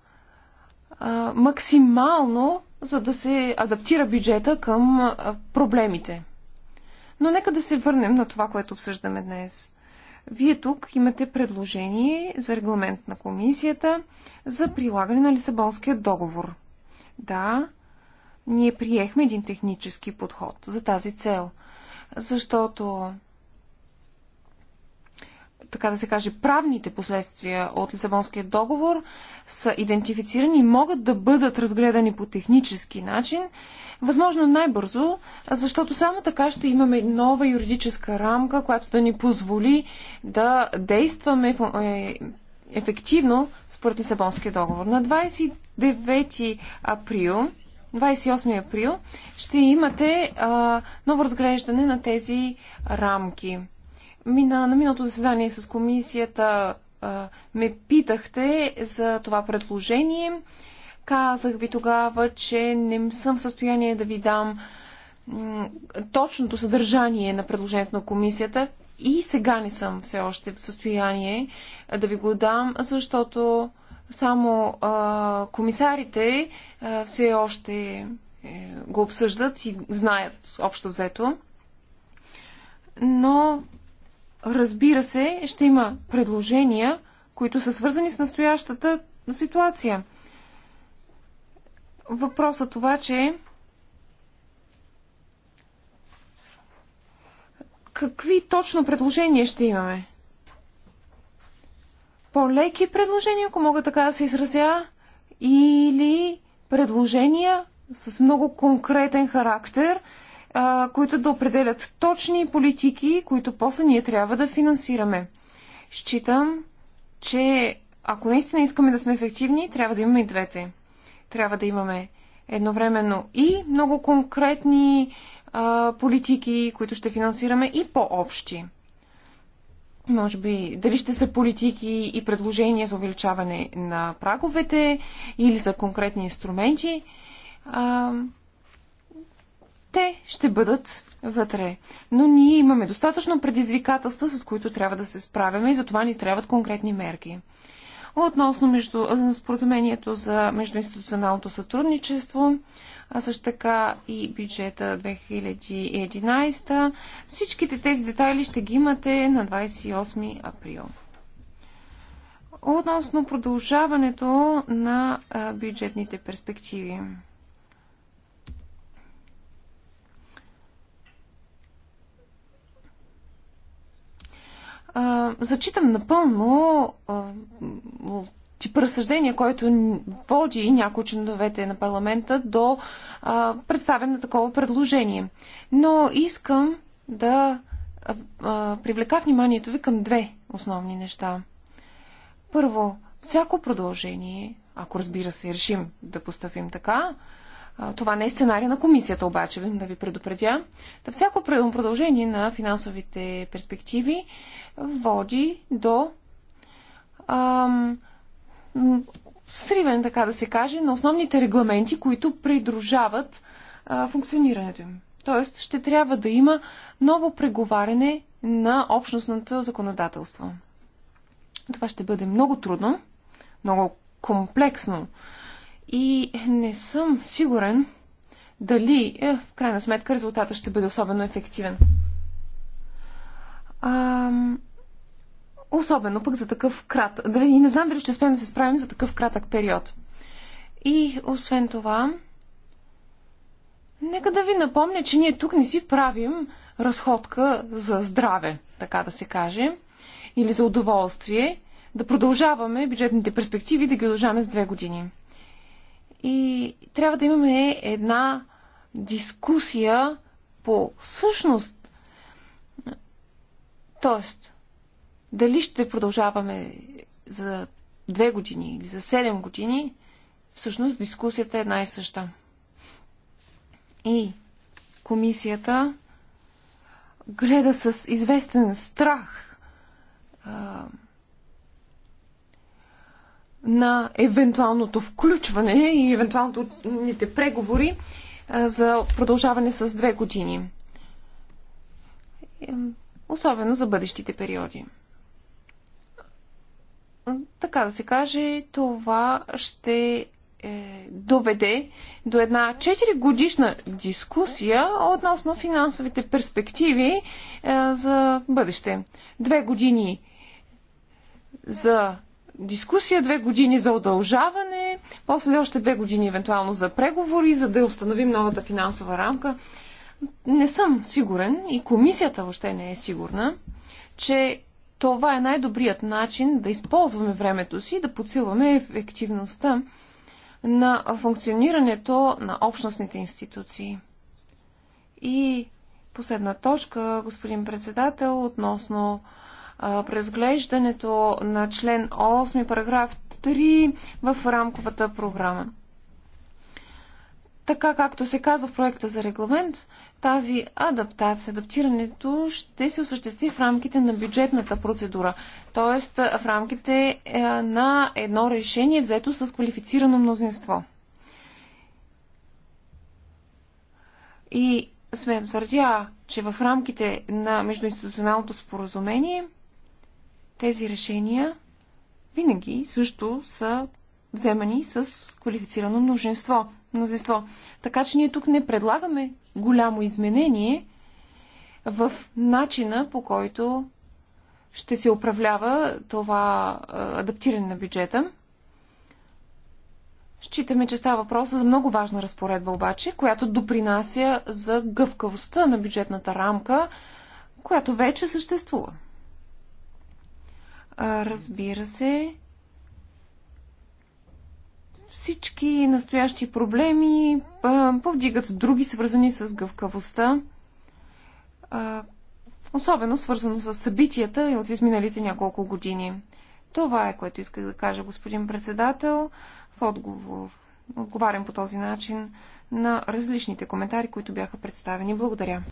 а, максимално, за да се адаптира бюджета към а, проблемите. Но нека да се върнем на това, което обсъждаме днес. Вие тук имате предложение за регламент на комисията за прилагане на Лисабонския договор. Да, ние приехме един технически подход за тази цел, защото така да се каже, правните последствия от Лисабонския договор са идентифицирани и могат да бъдат разгледани по технически начин, възможно най-бързо, защото само така ще имаме нова юридическа рамка, която да ни позволи да действаме е, ефективно според Лисабонския договор. На 29 април 28 април ще имате а, ново разглеждане на тези рамки. Мина, на миналото заседание с комисията а, ме питахте за това предложение. Казах ви тогава, че не съм в състояние да ви дам точното съдържание на предложението на комисията и сега не съм все още в състояние да ви го дам, защото само а, комисарите а, все още е, го обсъждат и знаят общо взето. Но Разбира се, ще има предложения, които са свързани с настоящата ситуация. Въпросът обаче е какви точно предложения ще имаме? По-леки предложения, ако мога така да се изразя, или предложения с много конкретен характер – а, които да определят точни политики, които после ние трябва да финансираме. Считам, че ако наистина искаме да сме ефективни, трябва да имаме и двете. Трябва да имаме едновременно и много конкретни а, политики, които ще финансираме, и по-общи. Може би, дали ще са политики и предложения за увеличаване на праговете или за конкретни инструменти. А, те ще бъдат вътре. Но ние имаме достатъчно предизвикателства, с които трябва да се справяме и затова ни трябват конкретни мерки. Относно между, споразумението за междуинституционалното сътрудничество, а също така и бюджета 2011, всичките тези детайли ще ги имате на 28 април. Относно продължаването на бюджетните перспективи. а, зачитам напълно а, тип разсъждение, който води някои членовете на парламента до а, представяне на такова предложение. Но искам да а, а, привлека вниманието ви към две основни неща. Първо, всяко продължение, ако разбира се решим да поступим така, това не е сценария на комисията, обаче, да ви предупредя. Да всяко продължение на финансовите перспективи води до ам, сривен, така да се каже, на основните регламенти, които придружават а, функционирането им. Тоест, ще трябва да има ново преговаряне на общностното законодателство. Това ще бъде много трудно, много комплексно и не съм сигурен дали е, в крайна сметка резултата ще бъде особено ефективен. А, особено пък за такъв крат. И не знам дали ще успеем да се справим за такъв кратък период. И освен това, нека да ви напомня, че ние тук не си правим разходка за здраве, така да се каже, или за удоволствие, да продължаваме бюджетните перспективи да ги удължаваме с две години. И трябва да имаме една дискусия по същност. Тоест, дали ще продължаваме за две години или за седем години, всъщност дискусията е една и съща. И комисията гледа с известен страх на евентуалното включване и евентуалните преговори за продължаване с две години. Особено за бъдещите периоди. Така да се каже, това ще е, доведе до една 4 годишна дискусия относно финансовите перспективи е, за бъдеще. Две години за дискусия, две години за удължаване, после още две години евентуално за преговори, за да установим новата финансова рамка. Не съм сигурен и комисията въобще не е сигурна, че това е най-добрият начин да използваме времето си и да подсилваме ефективността на функционирането на общностните институции. И последна точка, господин председател, относно преразглеждането на член 8, параграф 3 в рамковата програма. Така както се казва в проекта за регламент, тази адаптация, адаптирането ще се осъществи в рамките на бюджетната процедура, т.е. в рамките е, на едно решение взето с квалифицирано мнозинство. И сме твърдя, че в рамките на междуинституционалното споразумение – тези решения винаги също са вземани с квалифицирано множество, мнозинство. Така че ние тук не предлагаме голямо изменение в начина по който ще се управлява това адаптиране на бюджета. Считаме, че става въпрос за много важна разпоредба обаче, която допринася за гъвкавостта на бюджетната рамка, която вече съществува разбира се, всички настоящи проблеми повдигат други, свързани с гъвкавостта, особено свързано с събитията и от изминалите няколко години. Това е, което исках да кажа, господин председател, в отговор. Отговарям по този начин на различните коментари, които бяха представени. Благодаря.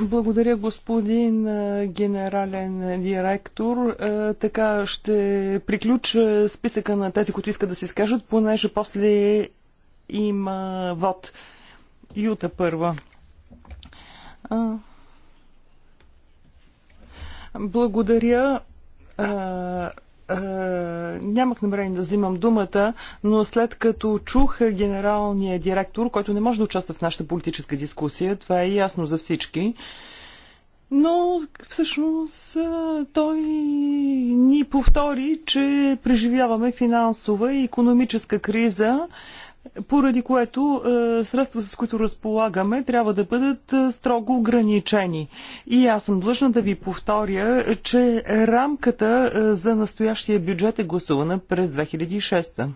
Благодаря, господин генерален директор. Така ще приключа списъка на тези, които искат да се изкажат, понеже после има вод. Юта първа. Благодаря. Е, нямах намерение да взимам думата, но след като чух генералния директор, който не може да участва в нашата политическа дискусия, това е ясно за всички, но всъщност е, той ни повтори, че преживяваме финансова и економическа криза, поради което е, средства, с които разполагаме, трябва да бъдат е, строго ограничени. И аз съм длъжна да ви повторя, че рамката е, за настоящия бюджет е гласувана през 2006 -та.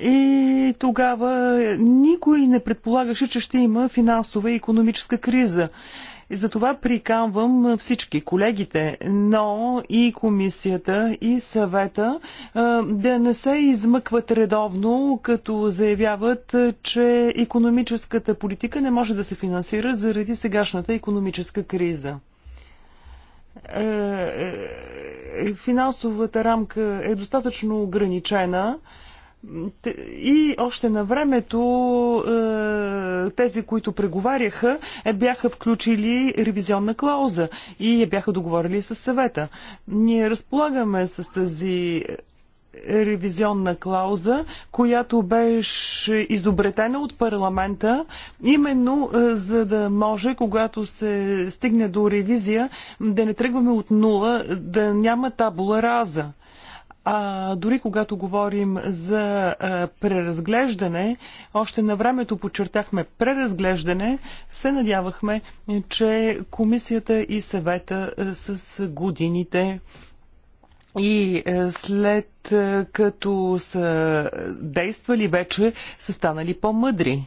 И тогава никой не предполагаше, че ще има финансова и економическа криза. Затова приканвам всички колегите, но и комисията, и съвета да не се измъкват редовно, като заявяват, че економическата политика не може да се финансира заради сегашната економическа криза е, е, финансовата рамка е достатъчно ограничена и още на времето е, тези, които преговаряха, е, бяха включили ревизионна клауза и я бяха договорили с съвета. Ние разполагаме с тази ревизионна клауза, която беше изобретена от парламента, именно е, за да може, когато се стигне до ревизия, да не тръгваме от нула, да няма табула раза. А дори когато говорим за а, преразглеждане, още на времето подчертахме преразглеждане, се надявахме, че комисията и съвета а, с годините и след като са действали вече, са станали по-мъдри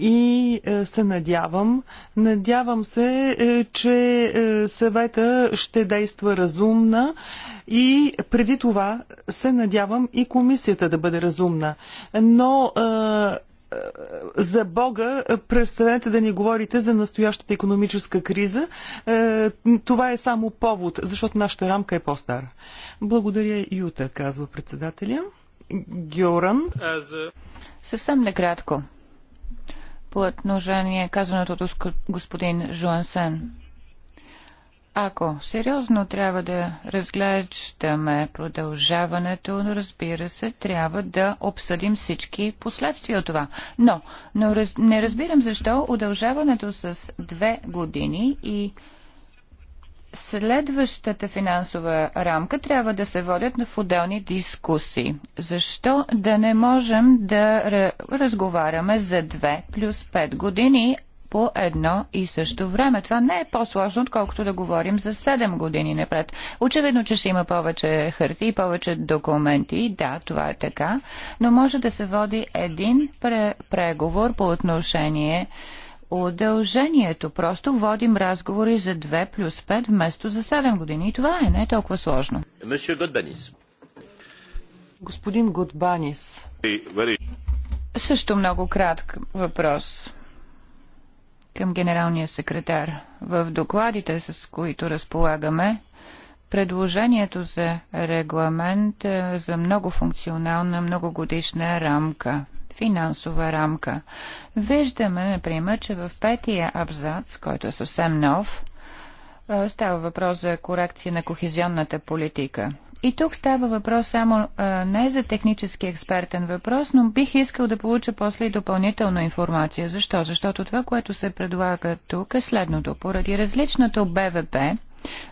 и е, се надявам. Надявам се, е, че е, съвета ще действа разумна и преди това се надявам и комисията да бъде разумна. Но за Бога, престанете да ни говорите за настоящата економическа криза. Това е само повод, защото нашата рамка е по-стара. Благодаря, Юта, казва председателя. Георан. Съвсем накратко по отношение казаното от господин Жуансен. Ако сериозно трябва да разглеждаме продължаването, разбира се, трябва да обсъдим всички последствия от това. Но, но раз, не разбирам защо удължаването с две години и следващата финансова рамка трябва да се водят в отделни дискусии. Защо да не можем да разговаряме за 2 плюс 5 години по едно и също време? Това не е по-сложно, отколкото да говорим за 7 години напред. Очевидно, че ще има повече харти и повече документи. Да, това е така. Но може да се води един преговор по отношение удължението. Просто водим разговори за 2 плюс 5 вместо за 7 години. И това е не е толкова сложно. Господин Гудбанис. Също много кратък въпрос към генералния секретар. В докладите, с които разполагаме, предложението за регламент е за многофункционална многогодишна рамка – финансова рамка. Виждаме, например, че в петия абзац, който е съвсем нов, става въпрос за корекция на кохезионната политика. И тук става въпрос само а, не за технически експертен въпрос, но бих искал да получа после и допълнителна информация. Защо? Защото това, което се предлага тук е следното. Поради различното БВП,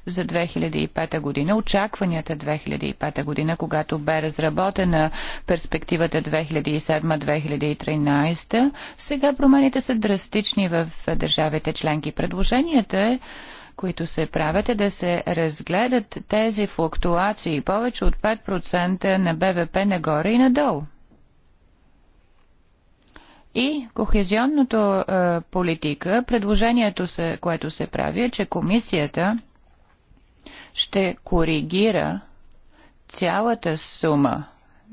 за 2005 година, очакванията 2005 година, когато бе разработена перспективата 2007-2013, сега промените са драстични в държавите членки. Предложенията, е които се правят е да се разгледат тези флуктуации повече от 5% на БВП нагоре и надолу. И кохезионното е, политика, предложението, се, което се прави, е, че комисията ще коригира цялата сума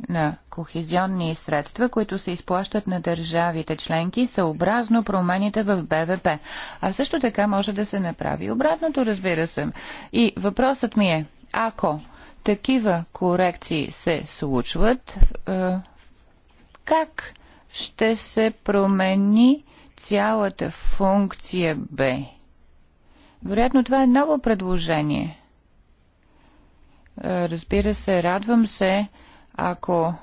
на кохезионни средства, които се изплащат на държавите членки, съобразно промените в БВП. А също така може да се направи обратното, разбира се. И въпросът ми е, ако такива корекции се случват, е, как ще се промени цялата функция Б? Вероятно това е ново предложение – е, разбира се, радвам се, ако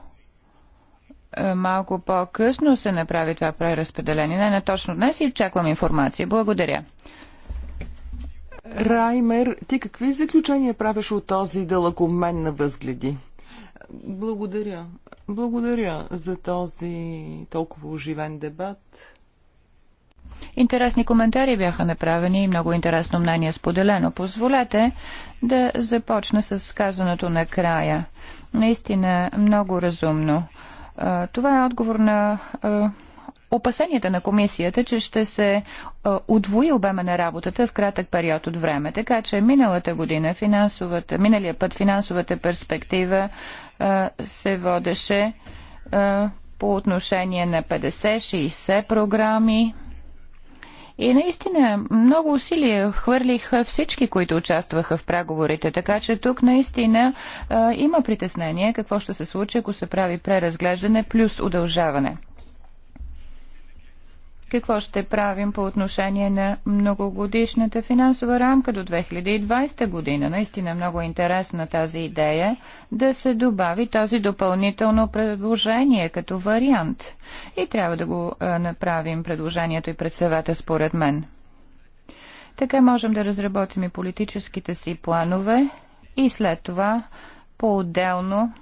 е, малко по-късно се направи това преразпределение. Не, не точно днес и очаквам информация. Благодаря. Раймер, ти какви заключения правиш от този дълъг обмен на възгледи? Благодаря. Благодаря за този толкова оживен дебат. Интересни коментари бяха направени и много интересно мнение споделено. Позволете да започна с казаното на края. Наистина много разумно. Това е отговор на опасенията на комисията, че ще се удвои обема на работата в кратък период от време. Така че миналата година, финансовата, миналия път финансовата перспектива се водеше по отношение на 50-60 програми и наистина много усилия хвърлих всички, които участваха в преговорите, така че тук наистина а, има притеснение какво ще се случи, ако се прави преразглеждане плюс удължаване какво ще правим по отношение на многогодишната финансова рамка до 2020 година. Наистина много е интересна тази идея да се добави този допълнително предложение като вариант. И трябва да го е, направим предложението и пред съвета според мен. Така можем да разработим и политическите си планове и след това по-отделно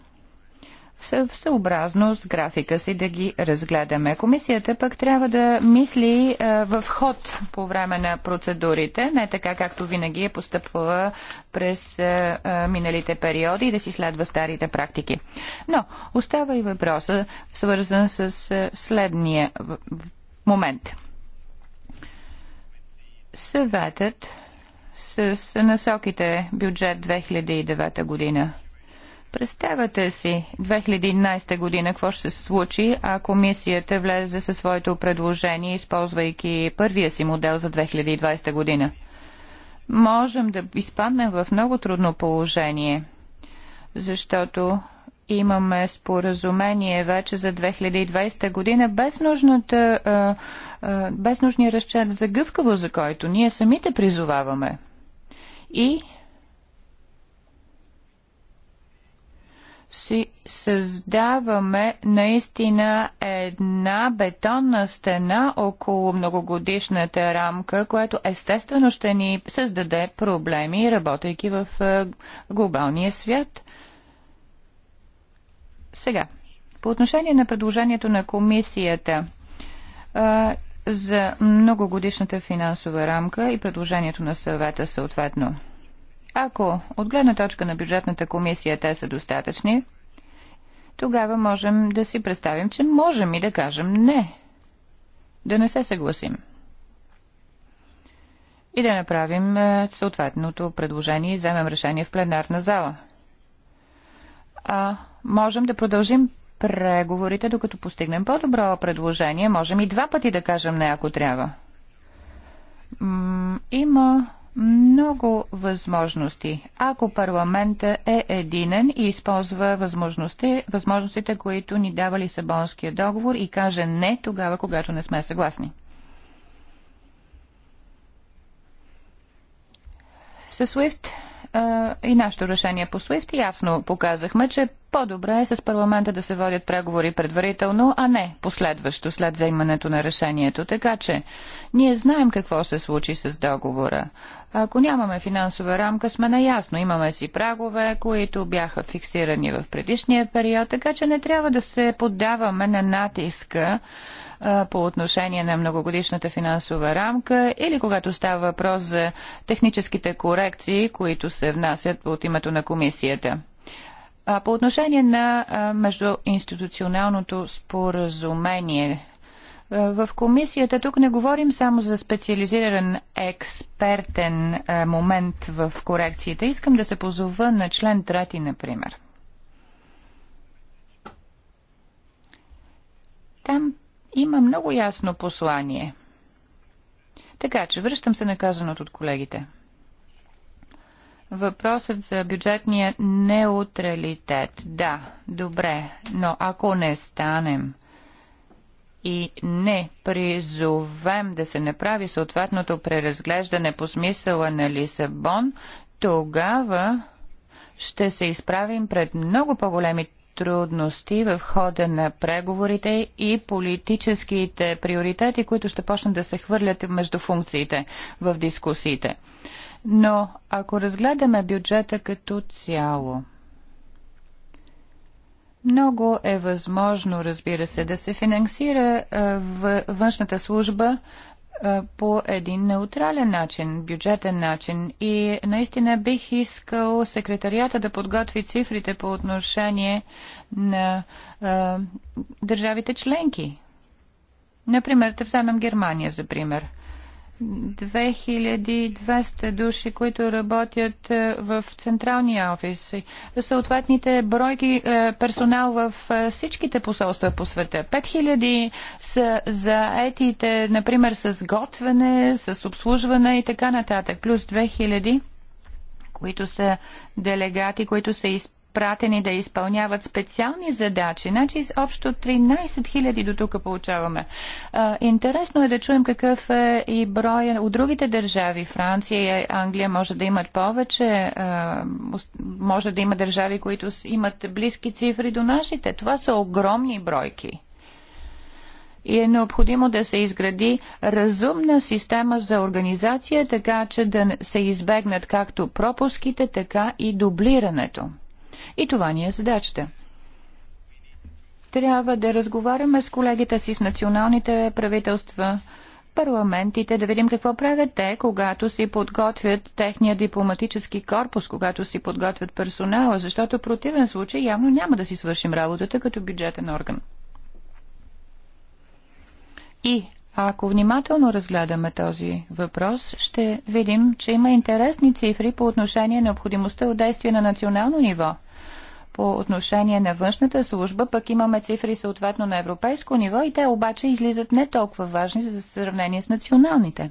съобразно с графика си да ги разгледаме. Комисията пък трябва да мисли в ход по време на процедурите, не така както винаги е постъпвала през миналите периоди и да си следва старите практики. Но остава и въпроса, свързан с следния момент. Съветът с насоките бюджет 2009 година – Представете си 2011 година какво ще се случи, а комисията влезе със своето предложение, използвайки първия си модел за 2020 година. Можем да изпаднем в много трудно положение, защото имаме споразумение вече за 2020 година без, нужната, без нужния разчет за гъвкаво, за който ние самите призоваваме. И си създаваме наистина една бетонна стена около многогодишната рамка, което естествено ще ни създаде проблеми, работейки в е, глобалния свят. Сега, по отношение на предложението на комисията е, за многогодишната финансова рамка и предложението на съвета съответно – ако от гледна точка на бюджетната комисия те са достатъчни, тогава можем да си представим, че можем и да кажем не. Да не се съгласим. И да направим е, съответното предложение и вземем решение в пленарна зала. А можем да продължим преговорите, докато постигнем по-добро предложение. Можем и два пъти да кажем не, ако трябва. М има много възможности, ако парламента е единен и използва възможности, възможностите, които ни дава Лисабонския договор и каже не тогава, когато не сме съгласни. Със SWIFT и нашето решение по SWIFT ясно показахме, че по-добре е с парламента да се водят преговори предварително, а не последващо след заимането на решението. Така че ние знаем какво се случи с договора. Ако нямаме финансова рамка, сме наясно. Имаме си прагове, които бяха фиксирани в предишния период, така че не трябва да се поддаваме на натиска по отношение на многогодишната финансова рамка или когато става въпрос за техническите корекции, които се внасят от името на комисията. По отношение на междуинституционалното споразумение, в комисията тук не говорим само за специализиран експертен момент в корекцията. Искам да се позова на член 3, например. Там има много ясно послание. Така че връщам се на казаното от колегите. Въпросът за бюджетния неутралитет. Да, добре, но ако не станем и не призовем да се направи съответното преразглеждане по смисъла на Лисабон, тогава ще се изправим пред много по-големи трудности в хода на преговорите и политическите приоритети, които ще почнат да се хвърлят между функциите в дискусиите. Но ако разгледаме бюджета като цяло, много е възможно, разбира се, да се финансира външната служба по един неутрален начин, бюджетен начин. И наистина бих искал секретарията да подготви цифрите по отношение на а, държавите членки. Например, да вземем Германия за пример – 2200 души, които работят е, в централния офис. Съответните бройки е, персонал в е, всичките посолства по света. 5000 са заетите, например, с готвене, с обслужване и така нататък. Плюс 2000 които са делегати, които са изпълнени пратени да изпълняват специални задачи. Значи общо 13 000 до тук получаваме. А, интересно е да чуем какъв е и броя от другите държави. Франция и Англия може да имат повече, а, може да има държави, които имат близки цифри до нашите. Това са огромни бройки и е необходимо да се изгради разумна система за организация, така че да се избегнат както пропуските, така и дублирането. И това ни е задачата. Трябва да разговаряме с колегите си в националните правителства, парламентите, да видим какво правят те, когато си подготвят техния дипломатически корпус, когато си подготвят персонала, защото в противен случай явно няма да си свършим работата като бюджетен орган. И ако внимателно разгледаме този въпрос, ще видим, че има интересни цифри по отношение на необходимостта от действие на национално ниво – по отношение на външната служба пък имаме цифри съответно на европейско ниво и те обаче излизат не толкова важни за сравнение с националните.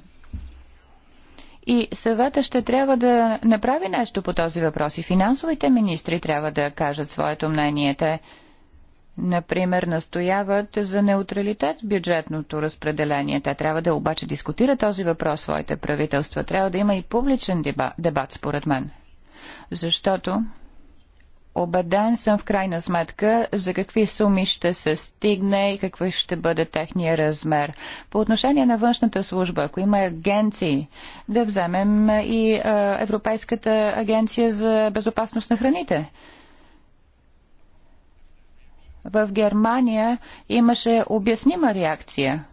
И съвета ще трябва да направи нещо по този въпрос и финансовите министри трябва да кажат своето мнение. Те например, настояват за неутралитет в бюджетното разпределение. Те трябва да обаче дискутира този въпрос своите правителства. Трябва да има и публичен дебат, дебат според мен. Защото Обеден съм в крайна сметка за какви суми ще се стигне и какъв ще бъде техния размер. По отношение на външната служба, ако има агенции, да вземем и е, Европейската агенция за безопасност на храните. В Германия имаше обяснима реакция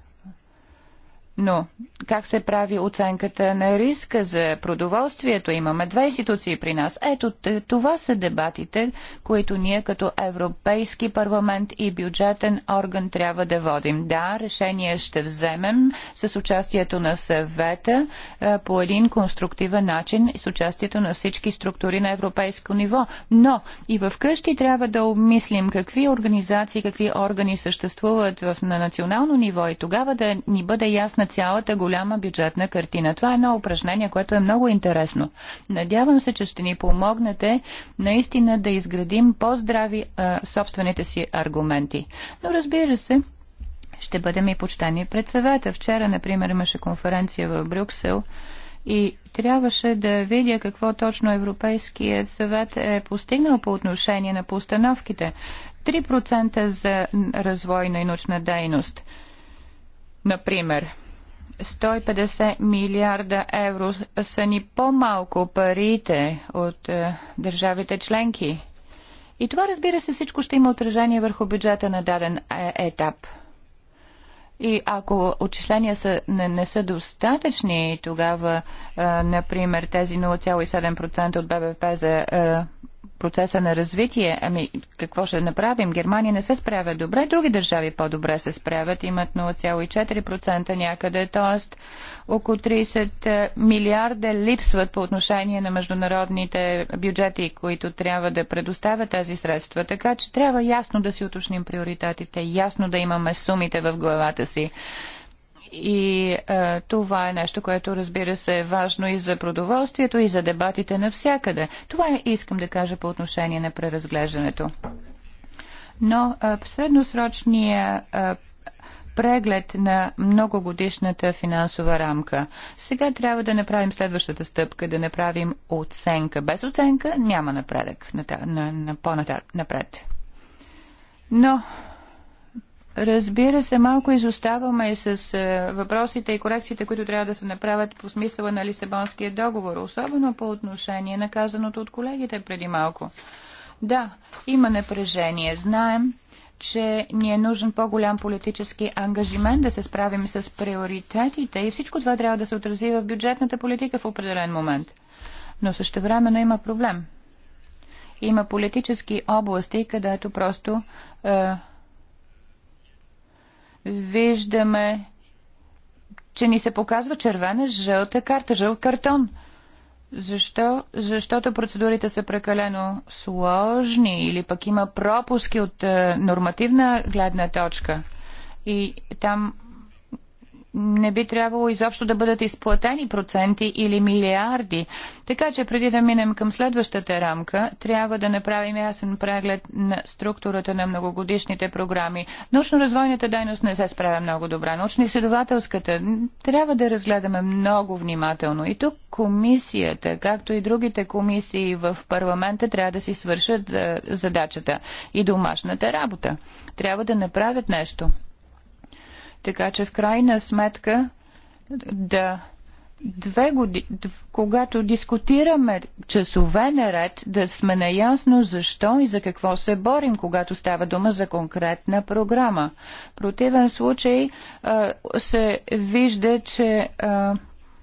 но как се прави оценката на риска за продоволствието? Имаме две институции при нас. Ето това са дебатите, които ние като Европейски парламент и бюджетен орган трябва да водим. Да, решение ще вземем с участието на съвета е, по един конструктивен начин и с участието на всички структури на европейско ниво. Но и в къщи трябва да обмислим какви организации, какви органи съществуват в, на национално ниво и тогава да ни бъде ясна цялата голяма бюджетна картина. Това е едно упражнение, което е много интересно. Надявам се, че ще ни помогнете наистина да изградим по-здрави собствените си аргументи. Но разбира се, ще бъдем и почтени пред съвета. Вчера, например, имаше конференция в Брюксел и трябваше да видя какво точно Европейският съвет е постигнал по отношение на постановките. 3% за развойна и научна дейност, например. 150 милиарда евро са ни по-малко парите от е, държавите членки. И това, разбира се, всичко ще има отражение върху бюджета на даден е, етап. И ако отчисления са, не, не са достатъчни, тогава, е, например, тези 0,7% от БВП за процеса на развитие, ами какво ще направим? Германия не се справя добре, други държави по-добре се справят, имат 0,4% някъде, т.е. около 30 е, милиарда липсват по отношение на международните бюджети, които трябва да предоставят тези средства. Така че трябва ясно да си уточним приоритетите, ясно да имаме сумите в главата си. И а, е, това е нещо, което разбира се е важно и за продоволствието, и за дебатите навсякъде. Това искам да кажа по отношение на преразглеждането. Но е, средносрочния а, е, преглед на многогодишната финансова рамка. Сега трябва да направим следващата стъпка, да направим оценка. Без оценка няма напредък на, на, на по-напред. Но Разбира се, малко изоставаме и с е, въпросите и корекциите, които трябва да се направят по смисъла на Лисабонския договор, особено по отношение на казаното от колегите преди малко. Да, има напрежение. Знаем, че ни е нужен по-голям политически ангажимент да се справим с приоритетите и всичко това трябва да се отрази в бюджетната политика в определен момент. Но също времено има проблем. Има политически области, където просто е, виждаме, че ни се показва червена, жълта карта, жълт картон. Защо? Защото процедурите са прекалено сложни или пък има пропуски от е, нормативна гледна точка. И там не би трябвало изобщо да бъдат изплатени проценти или милиарди. Така че преди да минем към следващата рамка, трябва да направим ясен преглед на структурата на многогодишните програми. Научно-развойната дейност не се справя много добра. Научно-изследователската трябва да разгледаме много внимателно. И тук комисията, както и другите комисии в парламента, трябва да си свършат е, задачата и домашната работа. Трябва да направят нещо. Така че в крайна сметка да две години, когато дискутираме часове наред, да сме наясно защо и за какво се борим, когато става дума за конкретна програма. В противен случай се вижда, че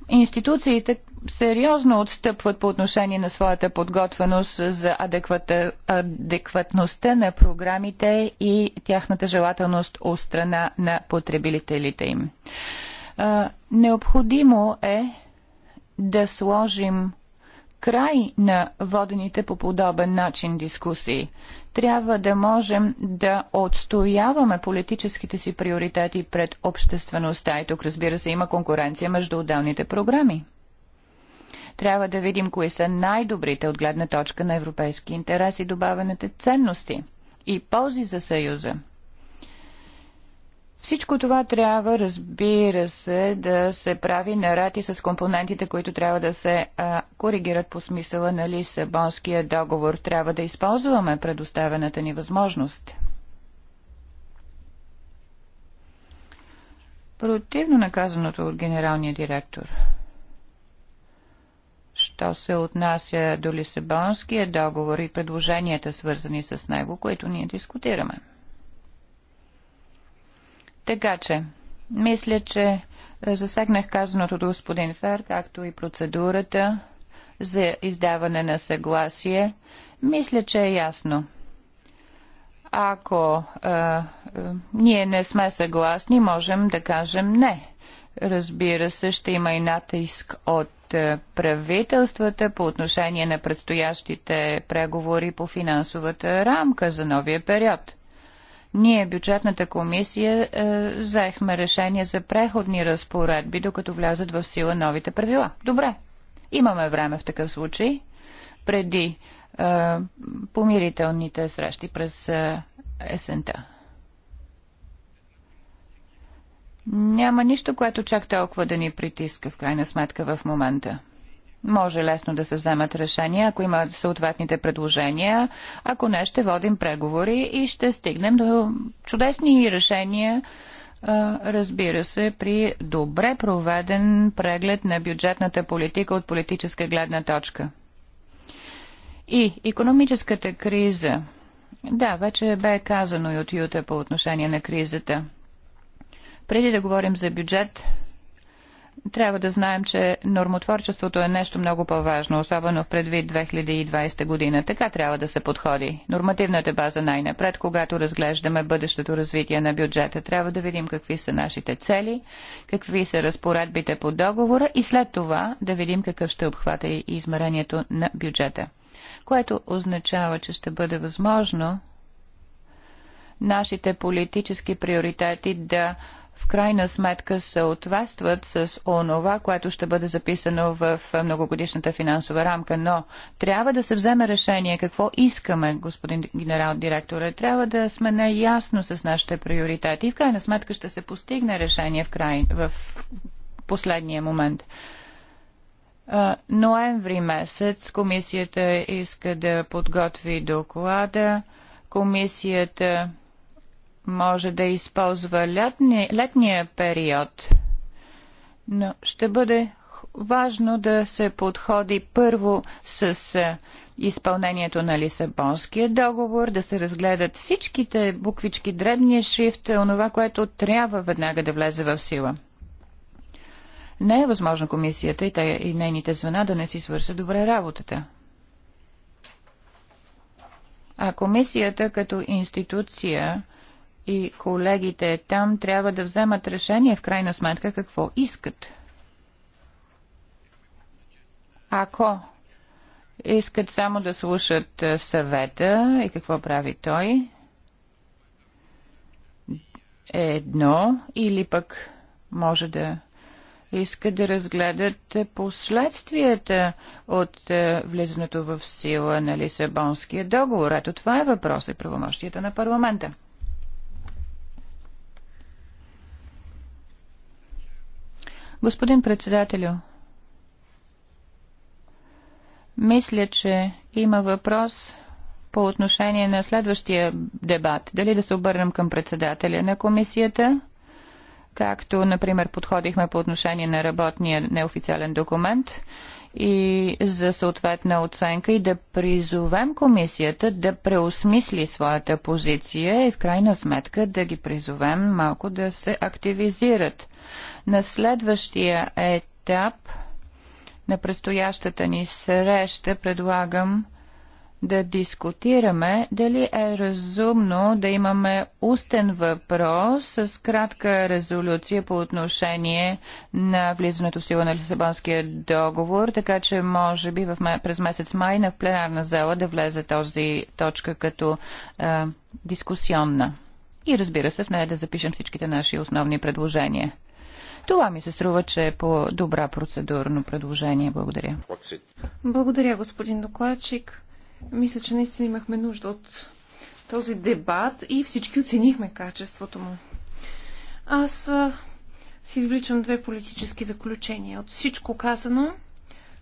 институциите сериозно отстъпват по отношение на своята подготвеност за адеквата, адекватността на програмите и тяхната желателност от страна на потребителите им. Необходимо е да сложим край на водените по подобен начин дискусии. Трябва да можем да отстояваме политическите си приоритети пред обществеността. И тук, разбира се, има конкуренция между отделните програми. Трябва да видим кои са най-добрите от гледна точка на европейски интерес и добавените ценности и ползи за Съюза. Всичко това трябва, разбира се, да се прави наред и с компонентите, които трябва да се а, коригират по смисъла на Лисабонския договор. Трябва да използваме предоставената ни възможност. Противно наказаното от генералния директор – що се отнася до Лисабонския договор и предложенията свързани с него, които ние дискутираме. Така че, мисля, че засегнах казаното до господин Фер, както и процедурата за издаване на съгласие. Мисля, че е ясно. Ако а, а, ние не сме съгласни, можем да кажем не. Разбира се, ще има и натиск от правителствата по отношение на предстоящите преговори по финансовата рамка за новия период. Ние, бюджетната комисия, взехме решение за преходни разпоредби, докато влязат в сила новите правила. Добре, имаме време в такъв случай, преди е, помирителните срещи през е, есента. Няма нищо, което чак толкова да ни притиска в крайна сметка в момента. Може лесно да се вземат решения, ако има съответните предложения. Ако не, ще водим преговори и ще стигнем до чудесни решения, разбира се, при добре проведен преглед на бюджетната политика от политическа гледна точка. И економическата криза. Да, вече бе казано и от Юта по отношение на кризата. Преди да говорим за бюджет, трябва да знаем, че нормотворчеството е нещо много по-важно, особено в предвид 2020 година. Така трябва да се подходи. Нормативната база най-напред, когато разглеждаме бъдещето развитие на бюджета, трябва да видим какви са нашите цели, какви са разпоредбите по договора и след това да видим какъв ще обхвата и измерението на бюджета. Което означава, че ще бъде възможно нашите политически приоритети да в крайна сметка съответстват с онова, което ще бъде записано в многогодишната финансова рамка. Но трябва да се вземе решение какво искаме, господин генерал директор, Трябва да сме наясно с нашите приоритети и в крайна сметка ще се постигне решение в, край... в последния момент. Ноември месец комисията иска да подготви доклада. Комисията може да използва летни, летния период, но ще бъде важно да се подходи първо с изпълнението на Лисабонския договор, да се разгледат всичките буквички, дребния шрифт, онова, което трябва веднага да влезе в сила. Не е възможно комисията и, тъй, и нейните звена да не си свършат добре работата. А комисията като институция и колегите там трябва да вземат решение в крайна сметка какво искат. Ако искат само да слушат е, съвета и какво прави той, едно, или пък може да искат да разгледат последствията от е, влизането в сила на Лисабонския договор. Ето това е въпрос и правомощията на парламента. Господин председателю, мисля, че има въпрос по отношение на следващия дебат. Дали да се обърнем към председателя на комисията, както, например, подходихме по отношение на работния неофициален документ и за съответна оценка и да призовем комисията да преосмисли своята позиция и в крайна сметка да ги призовем малко да се активизират. На следващия етап на предстоящата ни среща предлагам да дискутираме дали е разумно да имаме устен въпрос с кратка резолюция по отношение на влизането в сила на Лисабонския договор, така че може би в, през месец май на пленарна зала да влезе този точка като а, дискусионна. И разбира се, в нея да запишем всичките наши основни предложения. Това ми се струва, че е по-добра процедурно предложение. Благодаря. Благодаря, господин докладчик. Мисля, че наистина имахме нужда от този дебат и всички оценихме качеството му. Аз си извличам две политически заключения от всичко казано,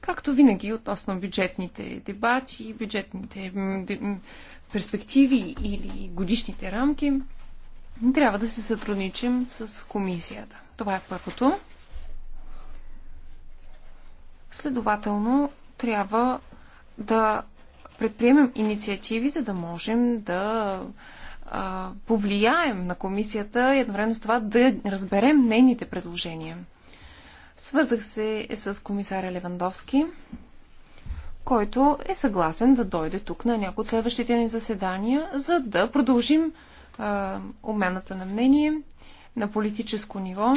както винаги относно бюджетните дебати, бюджетните перспективи или годишните рамки. Трябва да се сътрудничим с комисията. Това е първото. Следователно, трябва да предприемем инициативи, за да можем да а, повлияем на комисията и едновременно с това да разберем нейните предложения. Свързах се с комисаря Левандовски, който е съгласен да дойде тук на някои от следващите ни заседания, за да продължим а, обмената на мнение на политическо ниво,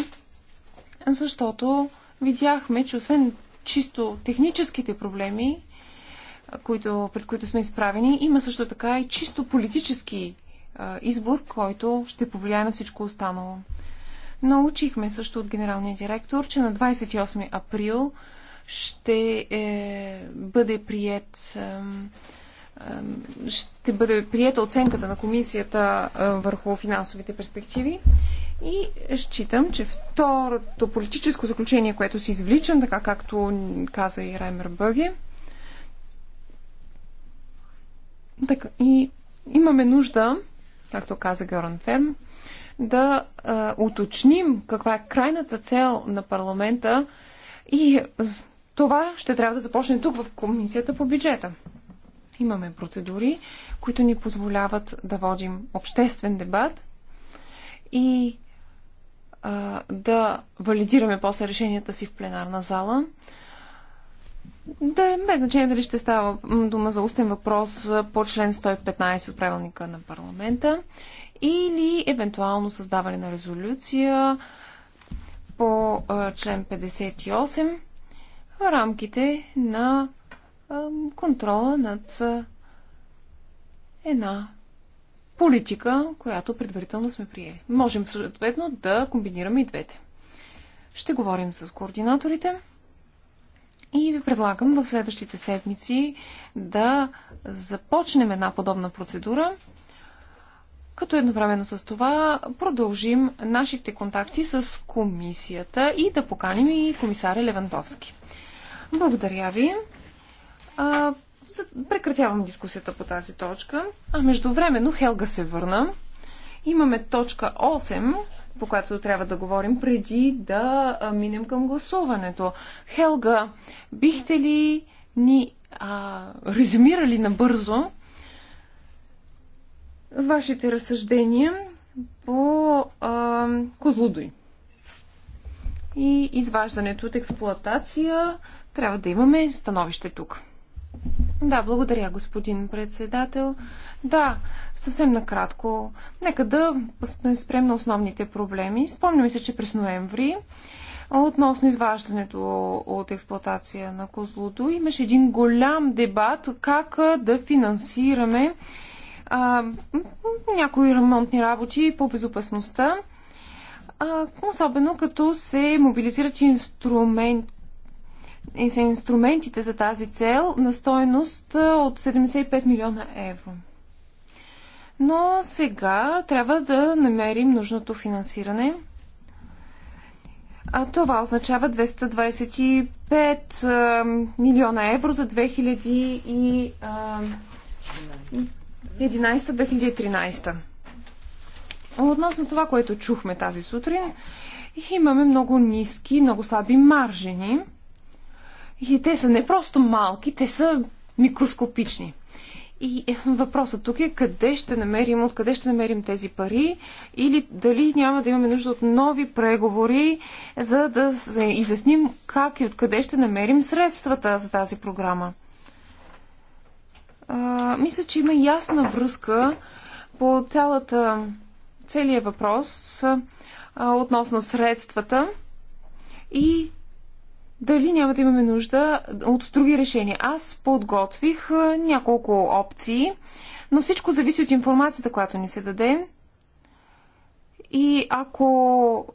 защото видяхме, че освен чисто техническите проблеми, които, пред които сме изправени, има също така и чисто политически а, избор, който ще повлияе на всичко останало. Научихме също от генералния директор, че на 28 април ще е, бъде прият. Е, ще бъде приета оценката на комисията върху финансовите перспективи и считам, че второто политическо заключение, което си извличам, така както каза и Раймер Бъге, така, и имаме нужда, както каза Георан Ферм, да а, уточним каква е крайната цел на парламента и това ще трябва да започне тук в комисията по бюджета. Имаме процедури, които ни позволяват да водим обществен дебат и да валидираме после решенията си в пленарна зала. Да е без значение дали ще става дума за устен въпрос по член 115 от правилника на парламента или евентуално създаване на резолюция по член 58 в рамките на контрола над една политика, която предварително сме приели. Можем съответно да комбинираме и двете. Ще говорим с координаторите и ви предлагам в следващите седмици да започнем една подобна процедура, като едновременно с това продължим нашите контакти с комисията и да поканим и комисаря Левантовски. Благодаря ви. Прекратявам дискусията по тази точка. А междувременно Хелга се върна. Имаме точка 8, по която трябва да говорим преди да минем към гласуването. Хелга, бихте ли ни а, резюмирали набързо вашите разсъждения по а, Козлодой и изваждането от експлоатация? Трябва да имаме становище тук. Да, благодаря, господин председател. Да, съвсем накратко. Нека да спрем на основните проблеми. Спомняме се, че през ноември относно изваждането от експлоатация на Козлодо имаше един голям дебат как да финансираме а, някои ремонтни работи по безопасността особено като се мобилизират инструмент, и са инструментите за тази цел на стоеност от 75 милиона евро. Но сега трябва да намерим нужното финансиране. А това означава 225 милиона евро за 2011-2013. Относно това, което чухме тази сутрин, имаме много ниски, много слаби маржени. И те са не просто малки, те са микроскопични. И въпросът тук е къде ще намерим, откъде ще намерим тези пари или дали няма да имаме нужда от нови преговори, за да изясним как и откъде ще намерим средствата за тази програма. А, мисля, че има ясна връзка по цялата, целият въпрос а, относно средствата и дали няма да имаме нужда от други решения. Аз подготвих няколко опции, но всичко зависи от информацията, която ни се даде. И ако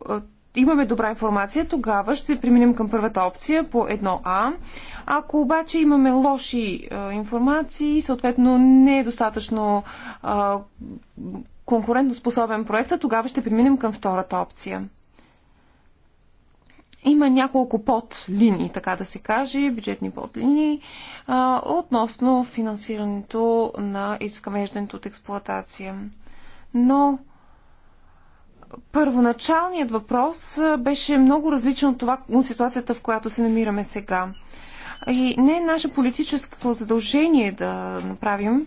имаме добра информация, тогава ще преминем към първата опция по 1А. Ако обаче имаме лоши информации, съответно не е достатъчно конкурентно конкурентоспособен проект, тогава ще преминем към втората опция. Има няколко подлинии, така да се каже, бюджетни подлинии, а, относно финансирането на изкъмеждането от експлоатация. Но първоначалният въпрос беше много различен от това, от ситуацията, в която се намираме сега. И не е наше политическо задължение да направим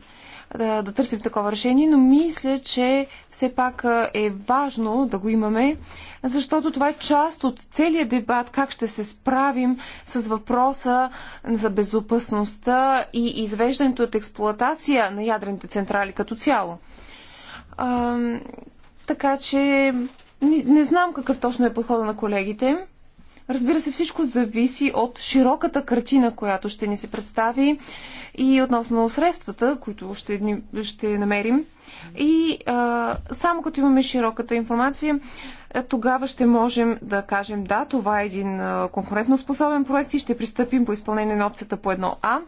да, да търсим такова решение, но мисля, че все пак е важно да го имаме, защото това е част от целият дебат как ще се справим с въпроса за безопасността и извеждането от експлоатация на ядрените централи като цяло. А, така че не знам какъв точно е подхода на колегите. Разбира се, всичко зависи от широката картина, която ще ни се представи и относно средствата, които ще, ни, ще намерим. И а, само като имаме широката информация, е, тогава ще можем да кажем да, това е един конкурентно способен проект и ще пристъпим по изпълнение на опцията по едно а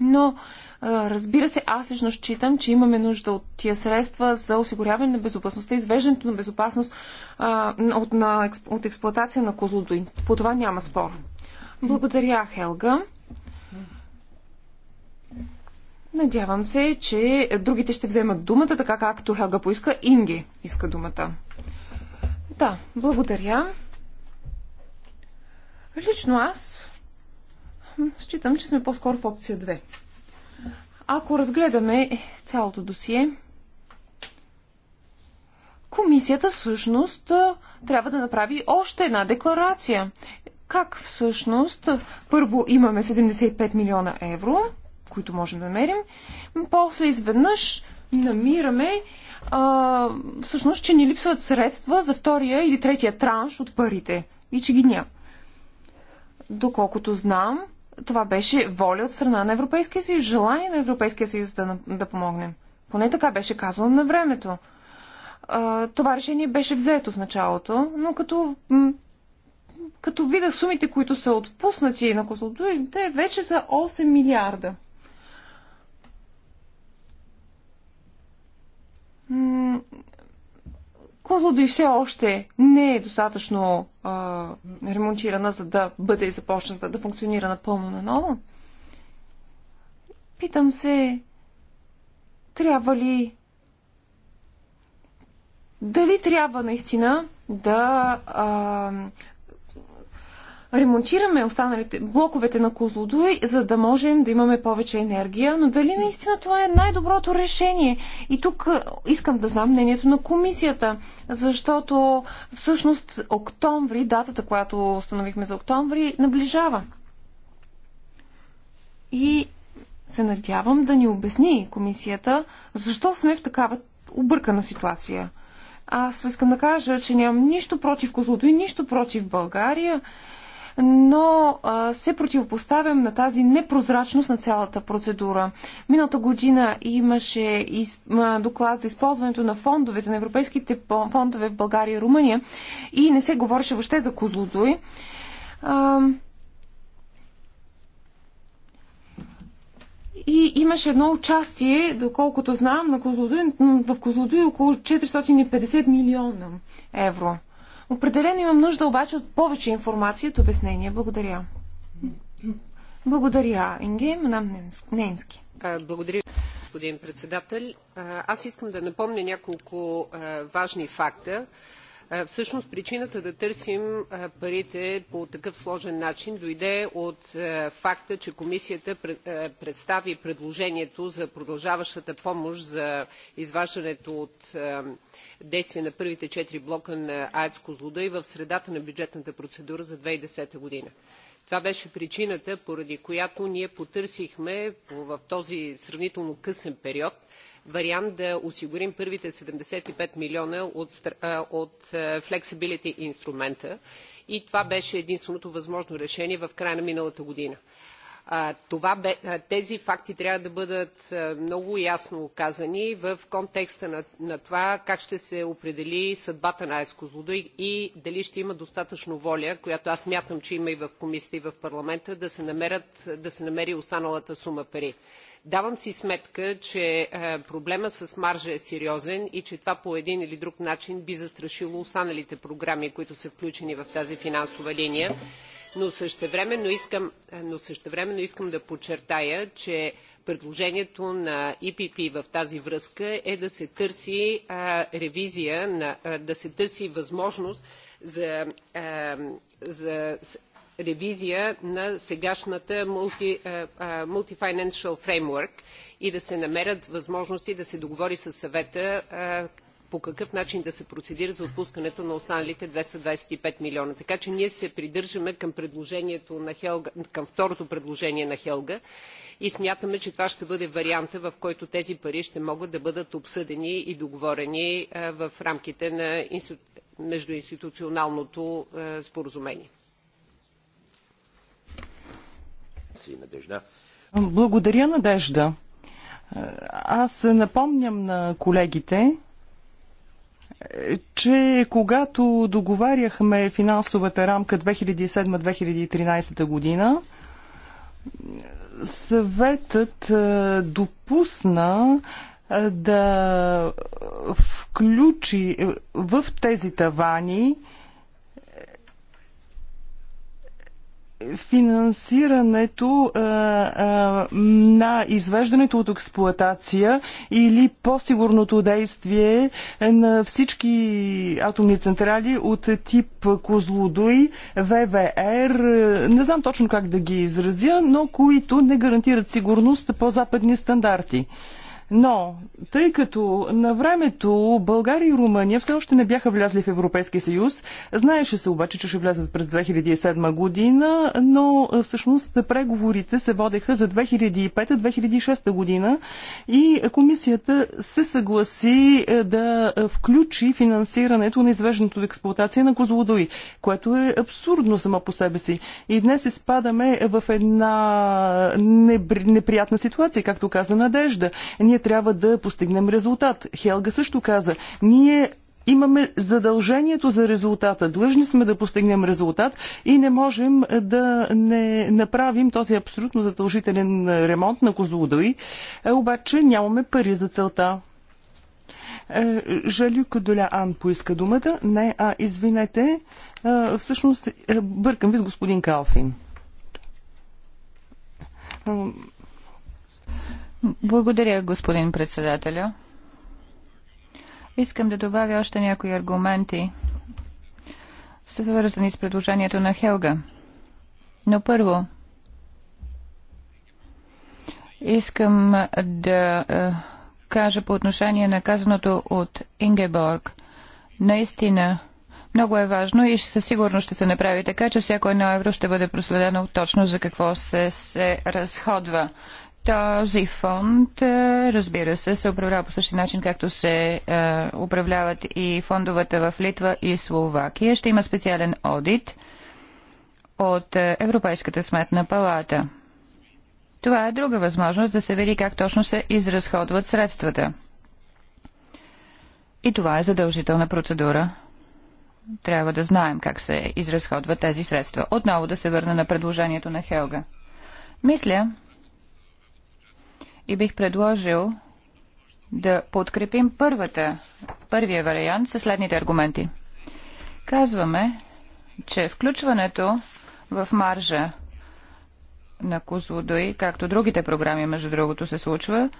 Но Разбира се, аз лично считам, че имаме нужда от тия средства за осигуряване на безопасността, извеждането на безопасност от, на, от експлуатация на Козлодуин. По това няма спор. Благодаря, Хелга. Надявам се, че другите ще вземат думата, така както Хелга поиска. Инги иска думата. Да, благодаря. Лично аз считам, че сме по-скоро в опция 2. Ако разгледаме цялото досие, комисията всъщност трябва да направи още една декларация. Как всъщност? Първо имаме 75 милиона евро, които можем да намерим. После изведнъж намираме а, всъщност, че ни липсват средства за втория или третия транш от парите и че ги няма. Доколкото знам, това беше воля от страна на Европейския съюз, желание на Европейския съюз да, да помогнем. Поне така беше казано на времето. Това решение беше взето в началото, но като, като видах сумите, които са отпуснати на консултантите, вече са 8 милиарда и все още не е достатъчно а, ремонтирана, за да бъде започната да функционира напълно наново. Питам се, трябва ли. Дали трябва наистина да а, ремонтираме останалите блоковете на Козлодуй, за да можем да имаме повече енергия, но дали наистина това е най-доброто решение? И тук искам да знам мнението на комисията, защото всъщност октомври, датата, която установихме за октомври, наближава. И се надявам да ни обясни комисията, защо сме в такава объркана ситуация. Аз искам да кажа, че нямам нищо против Козлодуй, нищо против България но се противопоставям на тази непрозрачност на цялата процедура. Миналата година имаше доклад за използването на фондовете, на европейските фондове в България и Румъния и не се говореше въобще за козлодой. И имаше едно участие, доколкото знам, на Козлодуй, в Козлодуй около 450 милиона евро. Определено имам нужда обаче от повече информация от обяснение. Благодаря. Благодаря, Инге. Мадам Ненски. Благодаря, господин председател. Аз искам да напомня няколко важни факта. Всъщност причината да търсим парите по такъв сложен начин дойде от факта, че комисията представи предложението за продължаващата помощ за изваждането от действие на първите четири блока на АЕЦ Козлодуй в средата на бюджетната процедура за 2010 година. Това беше причината, поради която ние потърсихме в този сравнително късен период вариант да осигурим първите 75 милиона от, от flexibility инструмента и това беше единственото възможно решение в края на миналата година тези факти трябва да бъдат много ясно казани в контекста на това как ще се определи съдбата на АЕЦ „Козлодуй“ и дали ще има достатъчно воля, която аз смятам, че има и в комисията, и в парламента, да се намери останалата сума пари. Давам си сметка, че проблемът с маржа е сериозен и че това по един или друг начин би застрашило останалите програми, които са включени в тази финансова линия но същевременно искам, но същевременно искам да подчертая, че предложението на ИПП в тази връзка е да се търси а, ревизия, на, а, да се търси възможност за, а, за ревизия на сегашната multi, multi Financial Framework и да се намерят възможности да се договори с съвета по какъв начин да се процедира за отпускането на останалите 225 милиона. Така че ние се придържаме към, предложението на Хелга, към второто предложение на Хелга и смятаме, че това ще бъде варианта, в който тези пари ще могат да бъдат обсъдени и договорени в рамките на междуинституционалното споразумение. Благодаря, Надежда. Аз напомням на колегите, че когато договаряхме финансовата рамка 2007-2013 година, съветът допусна да включи в тези тавани финансирането а, а, на извеждането от експлоатация или по-сигурното действие на всички атомни централи от тип Козлодуй, ВВР, не знам точно как да ги изразя, но които не гарантират сигурност по западни стандарти. Но, тъй като на времето България и Румъния все още не бяха влязли в Европейския съюз, знаеше се обаче, че ще влязат през 2007 година, но всъщност преговорите се водеха за 2005-2006 година и комисията се съгласи е, да включи финансирането на извеждането от експлуатация на козлодои, което е абсурдно само по себе си. И днес изпадаме в една неприятна ситуация, както каза Надежда. Ние ние трябва да постигнем резултат. Хелга също каза, ние имаме задължението за резултата. Длъжни сме да постигнем резултат и не можем да не направим този абсолютно задължителен ремонт на Козлодой, е, обаче нямаме пари за целта. Е, Жалю Кадоля Ан поиска думата. Не, а извинете, е, всъщност бъркам ви с господин Калфин. Благодаря, господин председателя. Искам да добавя още някои аргументи, свързани с предложението на Хелга. Но първо, искам да е, кажа по отношение на казаното от Ингеборг. Наистина, много е важно и със сигурност ще се направи така, че всяко едно евро ще бъде проследено точно за какво се, се разходва. Този фонд, е, разбира се, се управлява по същия начин, както се е, управляват и фондовете в Литва и Словакия. Ще има специален одит от е, Европейската сметна палата. Това е друга възможност да се види как точно се изразходват средствата. И това е задължителна процедура. Трябва да знаем как се изразходват тези средства. Отново да се върна на предложението на Хелга. Мисля, и бих предложил да подкрепим първата, първия вариант със следните аргументи. Казваме, че включването в маржа на Козлодой, както другите програми, между другото, се случва,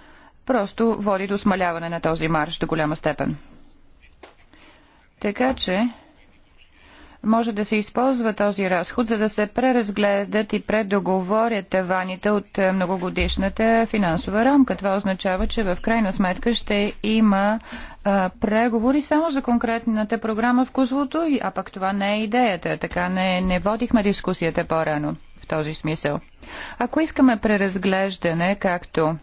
просто води до смаляване на този марш до голяма степен. Така че може да се използва този разход, за да се преразгледат и предоговорят таваните от е, многогодишната финансова рамка. Това означава, че в крайна сметка ще има а, преговори само за конкретната програма в Козлото, а пък това не е идеята. Така не, не водихме дискусията по-рано в този смисъл. Ако искаме преразглеждане, както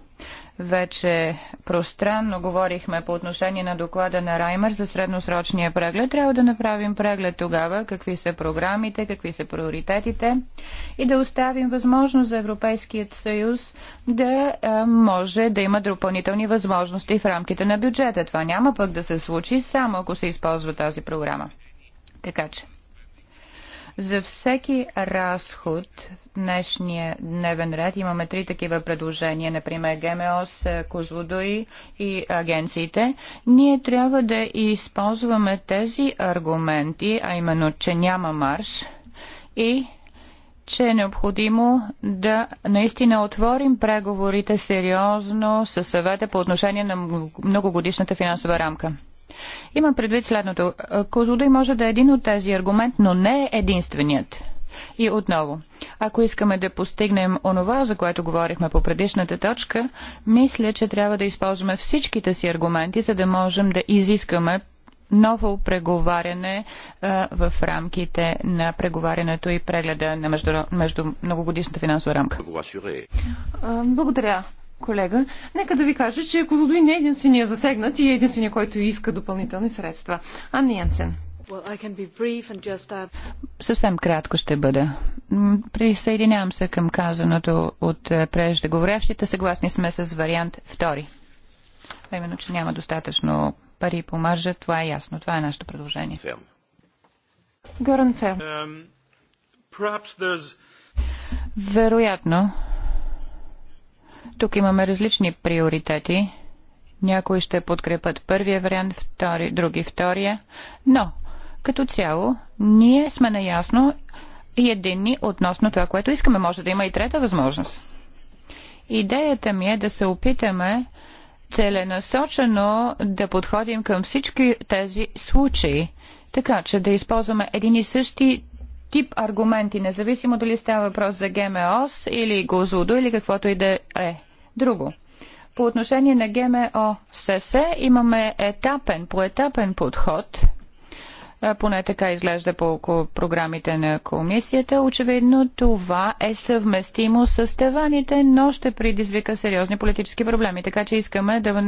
вече пространно говорихме по отношение на доклада на Раймер за средносрочния преглед. Трябва да направим преглед тогава, какви са програмите, какви са приоритетите и да оставим възможност за Европейският съюз да може да има допълнителни възможности в рамките на бюджета. Това няма пък да се случи само ако се използва тази програма. Така че за всеки разход в днешния дневен ред имаме три такива предложения, например ГМОС, Козлодои и агенциите. Ние трябва да използваме тези аргументи, а именно, че няма марш и че е необходимо да наистина отворим преговорите сериозно със съвета по отношение на многогодишната финансова рамка. Имам предвид следното. Козудой може да е един от тези аргумент, но не е единственият. И отново, ако искаме да постигнем онова, за което говорихме по предишната точка, мисля, че трябва да използваме всичките си аргументи, за да можем да изискаме ново преговаряне а, в рамките на преговарянето и прегледа на между, между многогодишната финансова рамка. Благодаря колега, нека да ви кажа, че Козлодой не е единствения засегнат и е единствения, който иска допълнителни средства. Анни Янсен. Съвсем кратко ще бъда. Присъединявам се към казаното от е, преждеговорящите. Съгласни сме с вариант втори. именно, че няма достатъчно пари по маржа. Това е ясно. Това е нашето предложение. Горан Фел. Um, Вероятно, тук имаме различни приоритети. Някои ще подкрепят първия вариант, втори, други втория. Но, като цяло, ние сме наясно и единни относно това, което искаме. Може да има и трета възможност. Идеята ми е да се опитаме целенасочено да подходим към всички тези случаи, така че да използваме един и същи тип аргументи, независимо дали става въпрос за ГМОС или гозудо или каквото и да е. Друго. По отношение на ГМО СС имаме етапен, поетапен подход – е, поне така изглежда по програмите на комисията. Очевидно това е съвместимо с таваните, но ще предизвика сериозни политически проблеми. Така че искаме да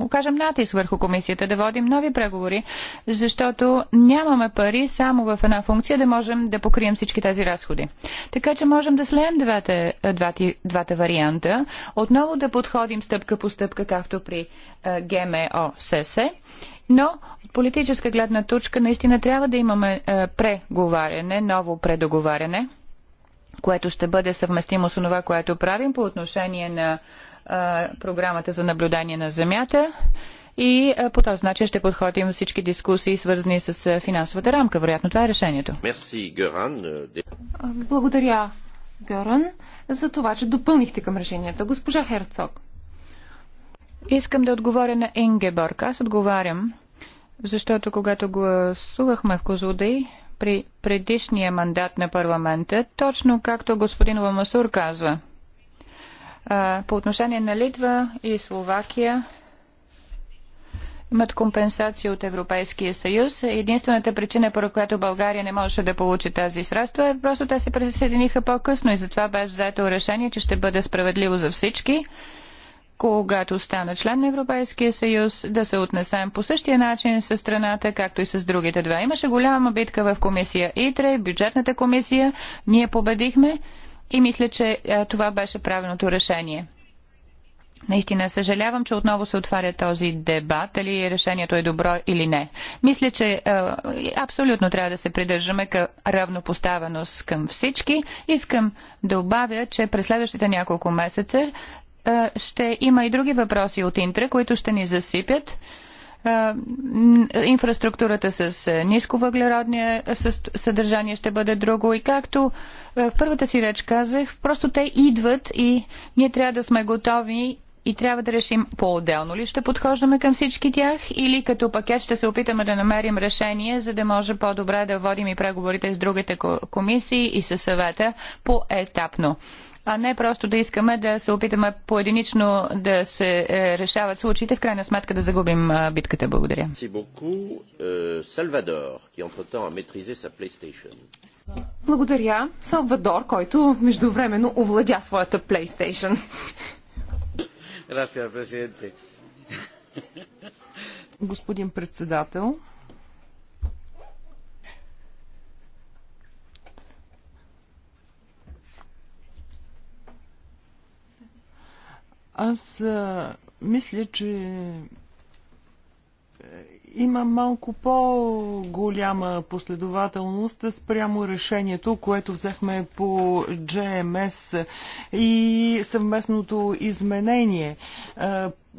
окажем натиск върху комисията, да водим нови преговори, защото нямаме пари само в една функция да можем да покрием всички тези разходи. Така че можем да слеем двата, е, двата, двата варианта, отново да подходим стъпка по стъпка, както при е, ГМО СС но от политическа гледна точка наистина трябва да имаме е, преговаряне, ново предоговаряне, което ще бъде съвместимо с това, което правим по отношение на е, програмата за наблюдение на Земята и е, по този начин ще подходим всички дискусии, свързани с е, финансовата рамка. Вероятно това е решението. Е, благодаря, Гърън, за това, че допълнихте към решенията. Госпожа Херцог. Искам да отговоря на Ингеборг. Аз отговарям защото когато гласувахме в Козудей при предишния мандат на парламента, точно както господин Ламасур казва, по отношение на Литва и Словакия имат компенсации от Европейския съюз. Единствената причина, по която България не можеше да получи тази средства, е просто те се присъединиха по-късно и затова бе взето решение, че ще бъде справедливо за всички когато стана член на Европейския съюз, да се отнесем по същия начин с страната, както и с другите два. Имаше голяма битка в комисия ИТРЕ, бюджетната комисия. Ние победихме и мисля, че това беше правилното решение. Наистина съжалявам, че отново се отваря този дебат, дали решението е добро или не. Мисля, че е, абсолютно трябва да се придържаме към равнопоставеност към всички. Искам да обавя, че през следващите няколко месеца е, ще има и други въпроси от Интра, които ще ни засипят е, инфраструктурата с е, ниско въглеродния съдържание ще бъде друго. И както в първата си реч казах, просто те идват и ние трябва да сме готови и трябва да решим по-отделно ли ще подхождаме към всички тях или като пакет ще се опитаме да намерим решение, за да може по-добре да водим и преговорите с другите комисии и със съвета по-етапно а не просто да искаме да се опитаме поединично да се е, решават случаите, в крайна сметка да загубим битката. Благодаря. Е, Благодаря. Салвадор, който междувременно овладя своята PlayStation. Господин председател, Аз а, мисля, че е, има малко по-голяма последователност спрямо решението, което взехме по GMS и съвместното изменение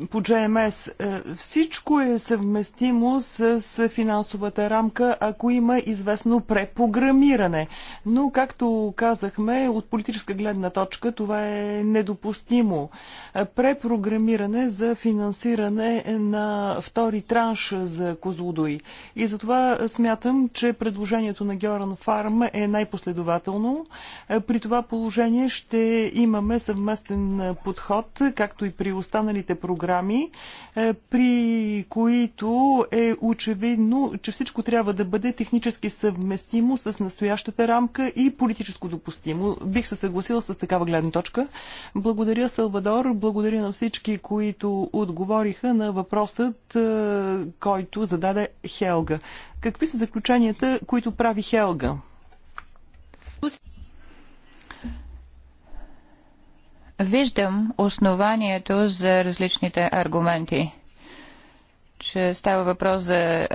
по GMS. Е, всичко е съвместимо с финансовата рамка, ако има известно препограмиране. Но, както казахме, от политическа гледна точка това е недопустимо. Е, препрограмиране за финансиране на втори транш за Козлодой. И затова смятам, че предложението на Георан Фарм е най-последователно. Е, при това положение ще имаме съвместен подход, както и при останалите програми програми, е, при които е очевидно, че всичко трябва да бъде технически съвместимо с настоящата рамка и политическо допустимо. Бих се съгласила с такава гледна точка. Благодаря, Салвадор. Благодаря на всички, които отговориха на въпросът, е, който зададе Хелга. Какви са заключенията, които прави Хелга? виждам основанието за различните аргументи, че става въпрос за е,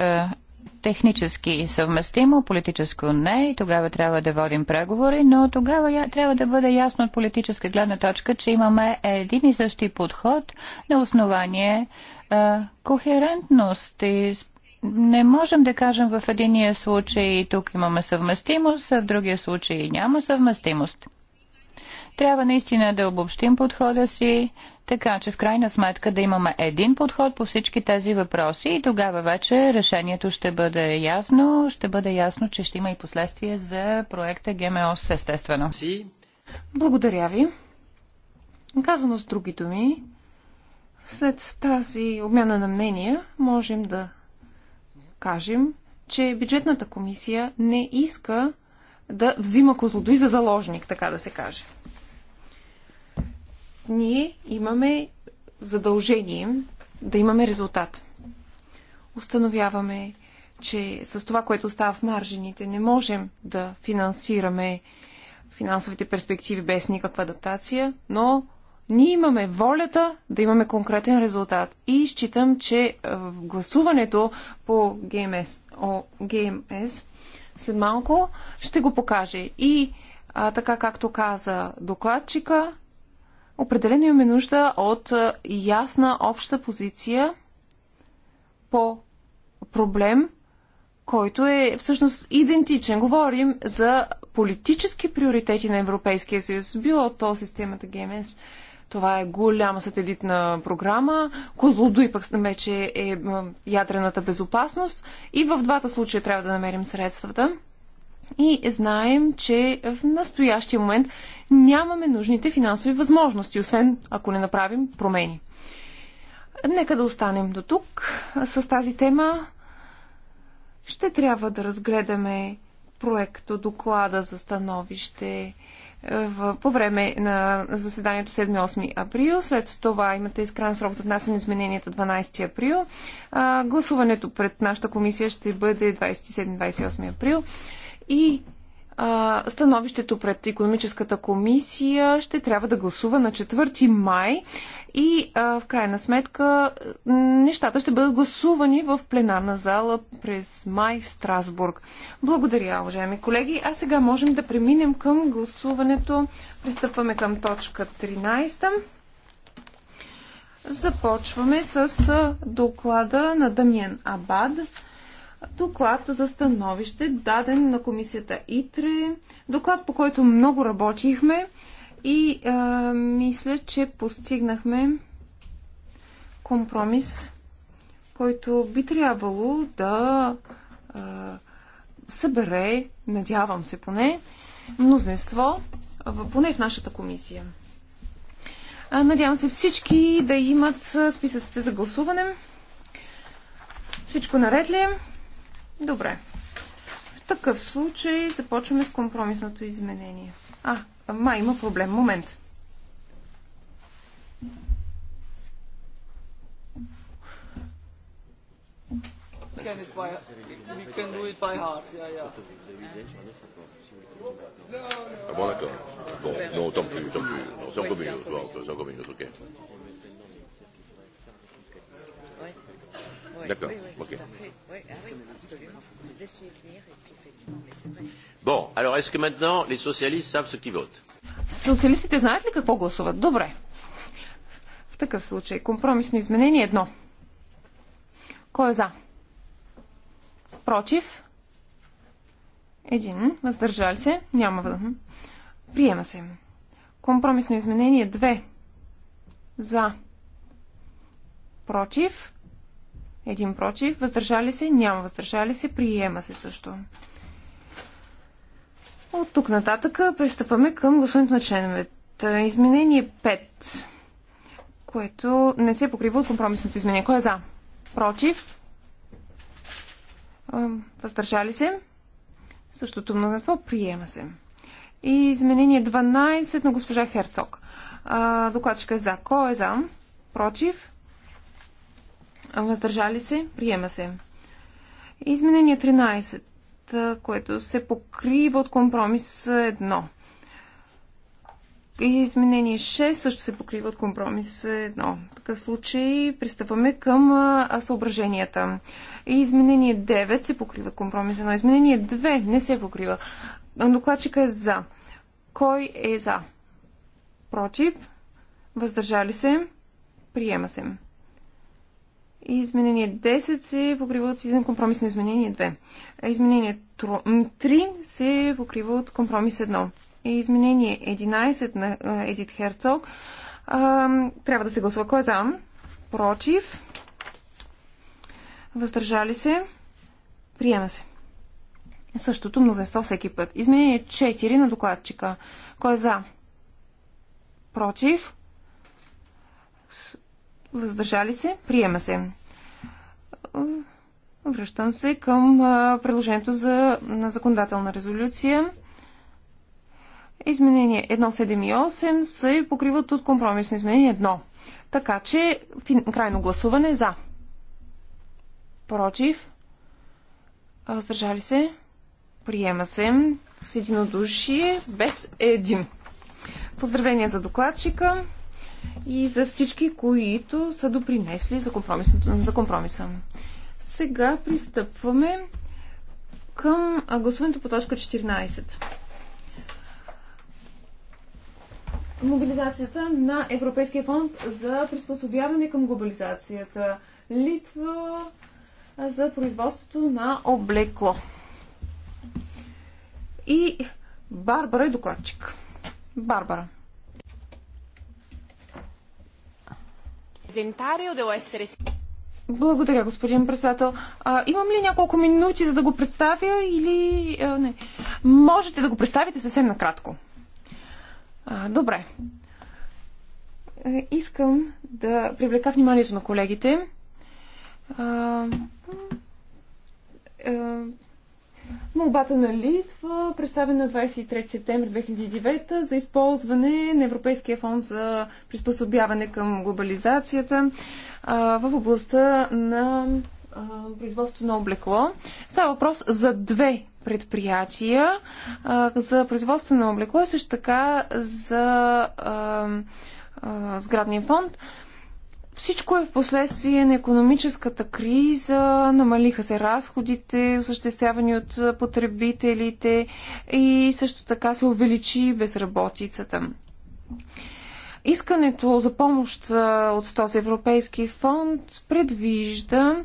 технически съвместимо, политическо не и тогава трябва да водим преговори, но тогава я, трябва да бъде ясно от политическа гледна точка, че имаме един и същи подход на основание а, е, кохерентност и не можем да кажем в единия случай тук имаме съвместимост, а в другия случай няма съвместимост. Трябва наистина да обобщим подхода си, така че в крайна сметка да имаме един подход по всички тези въпроси и тогава вече решението ще бъде ясно, ще бъде ясно, че ще има и последствия за проекта ГМОС, естествено. Благодаря ви. Казано с други думи, след тази обмяна на мнения можем да кажем, че бюджетната комисия не иска да взима Козлодуй за заложник, така да се каже ние имаме задължение да имаме резултат. Установяваме, че с това, което става в маржините, не можем да финансираме финансовите перспективи без никаква адаптация, но ние имаме волята да имаме конкретен резултат. И считам, че е, в гласуването по GMS о, GMS след малко ще го покаже. И а, така както каза докладчика, Определено имаме нужда от ясна обща позиция по проблем, който е всъщност идентичен. Говорим за политически приоритети на Европейския съюз, било то системата ГМС. Това е голяма сателитна програма. Козлодуй пък вече е ядрената безопасност. И в двата случая трябва да намерим средствата и знаем, че в настоящия момент нямаме нужните финансови възможности, освен ако не направим промени. Нека да останем до тук с тази тема. Ще трябва да разгледаме проекто доклада за становище е, в, по време на заседанието 7-8 април. След това имате изкрайен срок за внасяне измененията 12 април. А, гласуването пред нашата комисия ще бъде 27-28 април и а, становището пред економическата комисия ще трябва да гласува на 4 май и а, в крайна сметка нещата ще бъдат гласувани в пленарна зала през май в Страсбург. Благодаря, уважаеми колеги. А сега можем да преминем към гласуването. Пристъпваме към точка 13. Започваме с доклада на Дамиен Абад доклад за становище, даден на комисията ИТРЕ, доклад по който много работихме и а, мисля, че постигнахме компромис, който би трябвало да а, събере, надявам се поне, мнозинство, поне в нашата комисия. А, надявам се всички да имат списъците за гласуване. Всичко наред ли? Е? Добре. В такъв случай започваме с компромисното изменение. А, ма има проблем. Момент. can it by we can do it by heart. Yeah, yeah. Ah bon d'accord. Bon, non, tant plus, tant don't Non, c'est encore mieux. C'est encore mieux, ok. D'accord. Ok. Ah bon, alors est-ce que maintenant les socialistes savent ce qu'ils votent Социалистите знаят ли какво гласуват? Добре. В такъв случай, компромисно изменение едно. Кой е за? Против? Един. Въздържали се? Няма. Приема се. Компромисно изменение 2. За. Против. Един против. Въздържали се? Няма въздържали се. Приема се също. От тук нататък пристъпваме към гласуването на членовете. Изменение 5, което не се покрива от компромисното изменение. Кой е за? Против? Въздържали се? Същото мнозинство приема се. И изменение 12 на госпожа Херцог. Докладчика е за. Кой е за? Против? Въздържали се? Приема се. Изменение 13, което се покрива от компромис 1. И изменение 6 също се покрива от компромис 1. В такъв случай пристъпваме към съображенията. И изменение 9 се покрива от компромис 1. Изменение 2 не се покрива. Докладчика е за. Кой е за? Против? Въздържали се? Приема се. Изменение 10 се покрива от един компромис на изменение 2. Изменение 3 се покрива от компромис 1. Изменение 11 на Едит Херцог трябва да се гласува кой е за, против, въздържали се, приема се. Същото мнозинство всеки път. Изменение 4 на докладчика. Кой е за? Против? Въздържали се? Приема се. Връщам се към предложението за, на законодателна резолюция. Изменение 1, и 8 се покриват от компромисно изменение 1. Така че крайно гласуване за. Против. Въздържали се. Приема се с единодушие без един. Поздравления за докладчика и за всички, които са допринесли за, за компромиса. Сега пристъпваме към гласуването по точка 14. Мобилизацията на Европейския фонд за приспособяване към глобализацията. Литва за производството на облекло. И Барбара е докладчик. Барбара. Благодаря, господин председател. А, имам ли няколко минути, за да го представя или... А, не. Можете да го представите съвсем накратко. А, добре. А, е, искам да привлека вниманието на колегите. А, а Молбата на Литва, представена на 23 септември 2009 за използване на Европейския фонд за приспособяване към глобализацията а, в областта на а, производство на облекло. Става въпрос за две предприятия а, за производство на облекло и също така за сградния фонд. Всичко е в последствие на економическата криза, намалиха се разходите, осъществявани от потребителите и също така се увеличи безработицата. Искането за помощ от този Европейски фонд предвижда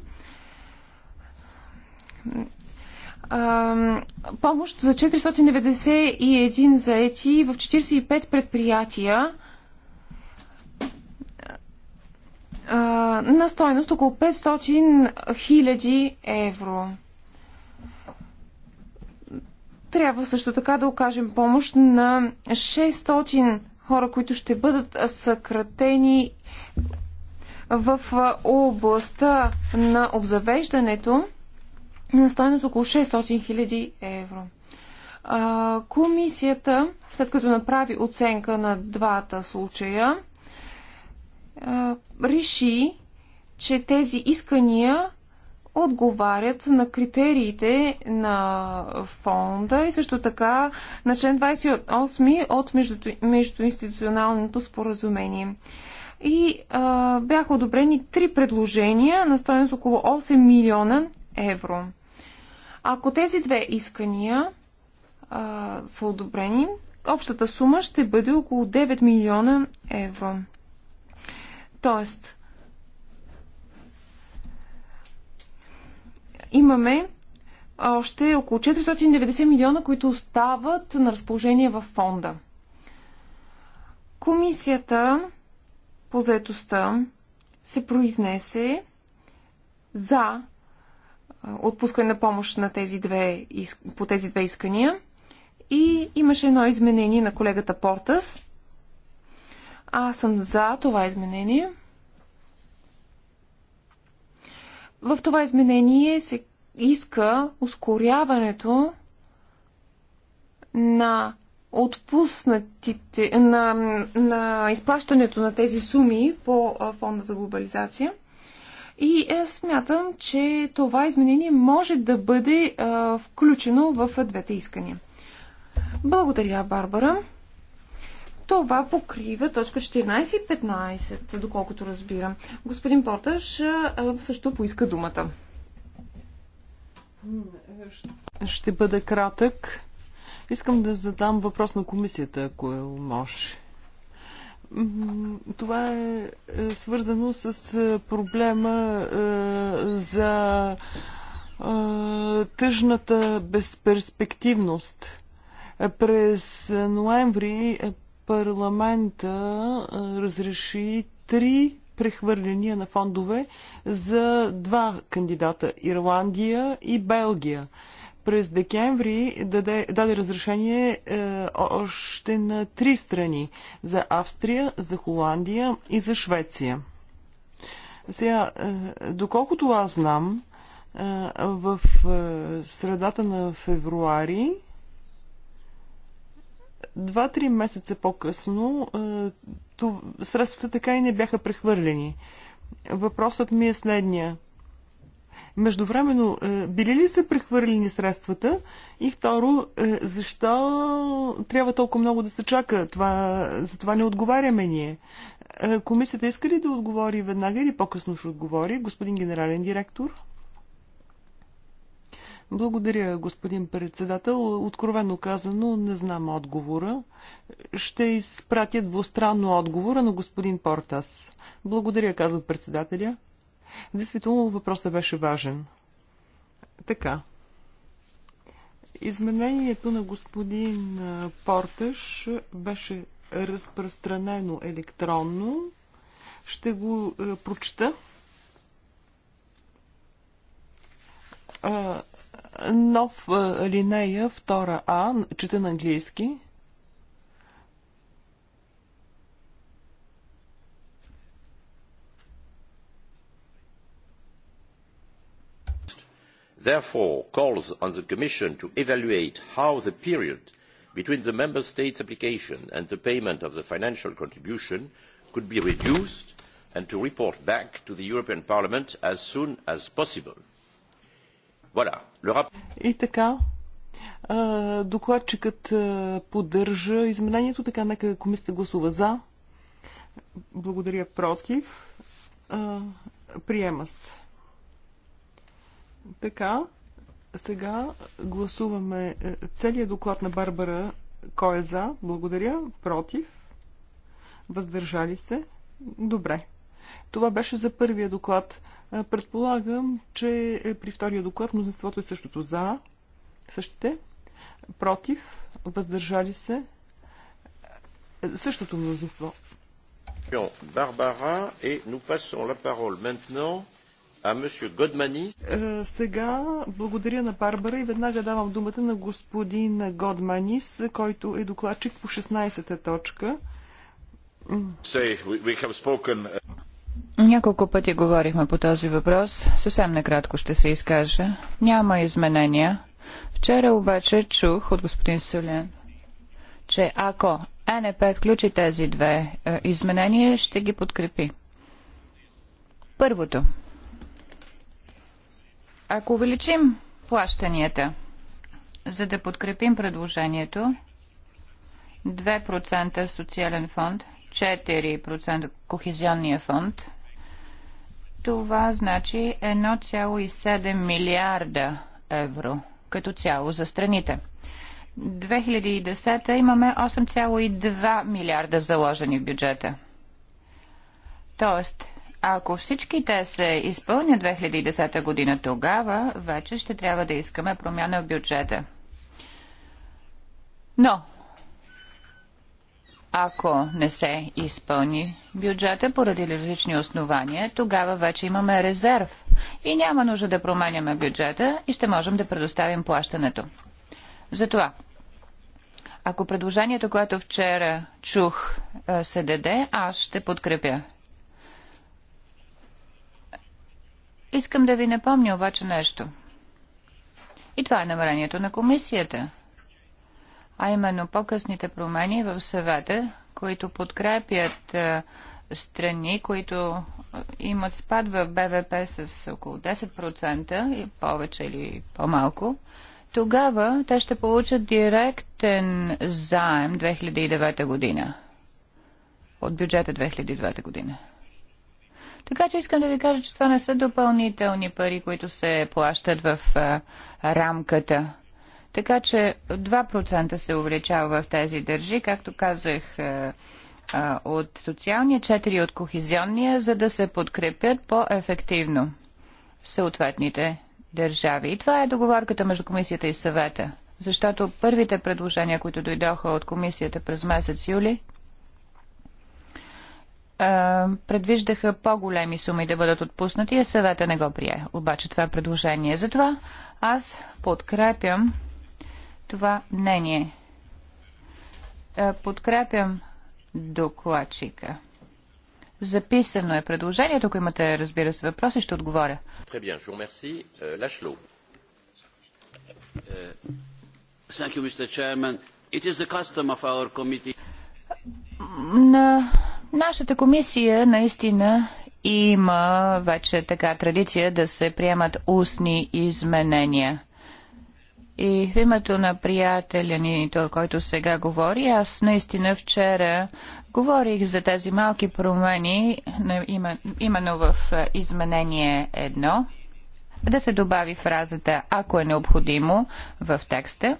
помощ за 491 заети в 45 предприятия на стойност около 500 000 евро. Трябва също така да окажем помощ на 600 хора, които ще бъдат съкратени в областта на обзавеждането на стойност около 600 000 евро. Комисията, след като направи оценка на двата случая, реши, че тези искания отговарят на критериите на фонда и също така на член 28 от между, междуинституционалното споразумение. И а, бяха одобрени три предложения на стоеност около 8 милиона евро. Ако тези две искания а, са одобрени, общата сума ще бъде около 9 милиона евро. Тоест, имаме още около 490 милиона, които остават на разположение в фонда. Комисията по заетостта се произнесе за отпускане на помощ на тези две, по тези две искания и имаше едно изменение на колегата Портас, аз съм за това изменение. В това изменение се иска ускоряването на отпуснатите, на, на изплащането на тези суми по фонда за глобализация. И аз е, смятам, че това изменение може да бъде включено в двете искания. Благодаря, Барбара. Това покрива точка 14 и 15, доколкото разбирам. Господин Порташ също поиска думата. Ще бъда кратък. Искам да задам въпрос на комисията, ако е може. Това е, е свързано с е, проблема за тъжната безперспективност. През ноември парламента разреши три прехвърляния на фондове за два кандидата Ирландия и Белгия. През декември даде, даде разрешение е, още на три страни за Австрия, за Холандия и за Швеция. Сега, е, доколкото аз знам, е, в е, средата на февруари Два-три месеца по-късно е, средствата така и не бяха прехвърлени. Въпросът ми е следния. Междувременно, е, били ли са прехвърлени средствата? И второ, е, защо трябва толкова много да се чака? Това, за това не отговаряме ние. Комисията иска ли да отговори веднага или по-късно ще отговори? Господин генерален директор? Благодаря, господин председател. Откровено казано, не знам отговора. Ще изпратя двустранно отговора на господин Портас. Благодаря, казва председателя. Действително, въпросът беше важен. Така. Изменението на господин Порташ беше разпространено електронно. Ще го е, прочета. А, нов линея, втора А, чета на английски. therefore calls on the commission to evaluate how the period between the member states' application and the payment of the financial contribution could be reduced and to report back to the european parliament as soon as possible. Voilà. Le И така, докладчикът поддържа изменението, така нека комисията гласува за. Благодаря против. Приема се. Така, сега гласуваме е, целият доклад на Барбара. Кой е за? Благодаря. Против? Въздържали се? Добре. Това беше за първия доклад. Предполагам, че е при втория доклад мнозинството е същото за, същите, против, въздържали се, същото мнозинство. Барбара и nous passons la parole maintenant а месье Годмани. Сега благодаря на Барбара и веднага давам думата на господин Годманис, който е докладчик по 16-та точка. Say, we, we spoken... Няколко пъти говорихме по този въпрос. Съвсем накратко ще се изкажа. Няма изменения. Вчера обаче чух от господин Сулен, че ако НП включи тези две е, изменения, ще ги подкрепи. Първото. Ако увеличим плащанията, за да подкрепим предложението, 2% социален фонд, 4% кохезионния фонд, това значи 1,7 милиарда евро като цяло за страните. 2010 имаме 8,2 милиарда заложени в бюджета. Тоест, ако всички те се изпълнят 2010 година, тогава вече ще трябва да искаме промяна в бюджета. Но ако не се изпълни бюджета поради различни основания, тогава вече имаме резерв и няма нужда да променяме бюджета и ще можем да предоставим плащането. Затова, ако предложението, което вчера чух, е, се даде, аз ще подкрепя. Искам да ви напомня обаче нещо. И това е намерението на комисията – а именно по-късните промени в съвета, които подкрепят е, страни, които е, имат спад в БВП с около 10% и повече или по-малко, тогава те ще получат директен заем 2009 година. От бюджета 2009 година. Така че искам да ви кажа, че това не са допълнителни пари, които се плащат в а, е, рамката така че 2% се увеличава в тези държи, както казах е, е, от социалния, 4 от кохезионния, за да се подкрепят по-ефективно съответните държави. И това е договорката между комисията и съвета. Защото първите предложения, които дойдоха от комисията през месец юли, е, предвиждаха по-големи суми да бъдат отпуснати, а съвета не го прие. Обаче това е предложение. Затова аз подкрепям това мнение. Е, подкрепям докладчика. Записано е предложението. Ако имате, разбира се, въпроси, ще отговоря. Très bien, je vous remercie. Е, е, thank you, Mr. Chairman. It is the custom of our committee. На нашата комисия наистина има вече така традиция да се приемат устни изменения. И в името на приятеля ни, той, който сега говори, аз наистина вчера говорих за тези малки промени, именно в е, изменение едно, да се добави фразата «ако е необходимо» в текста.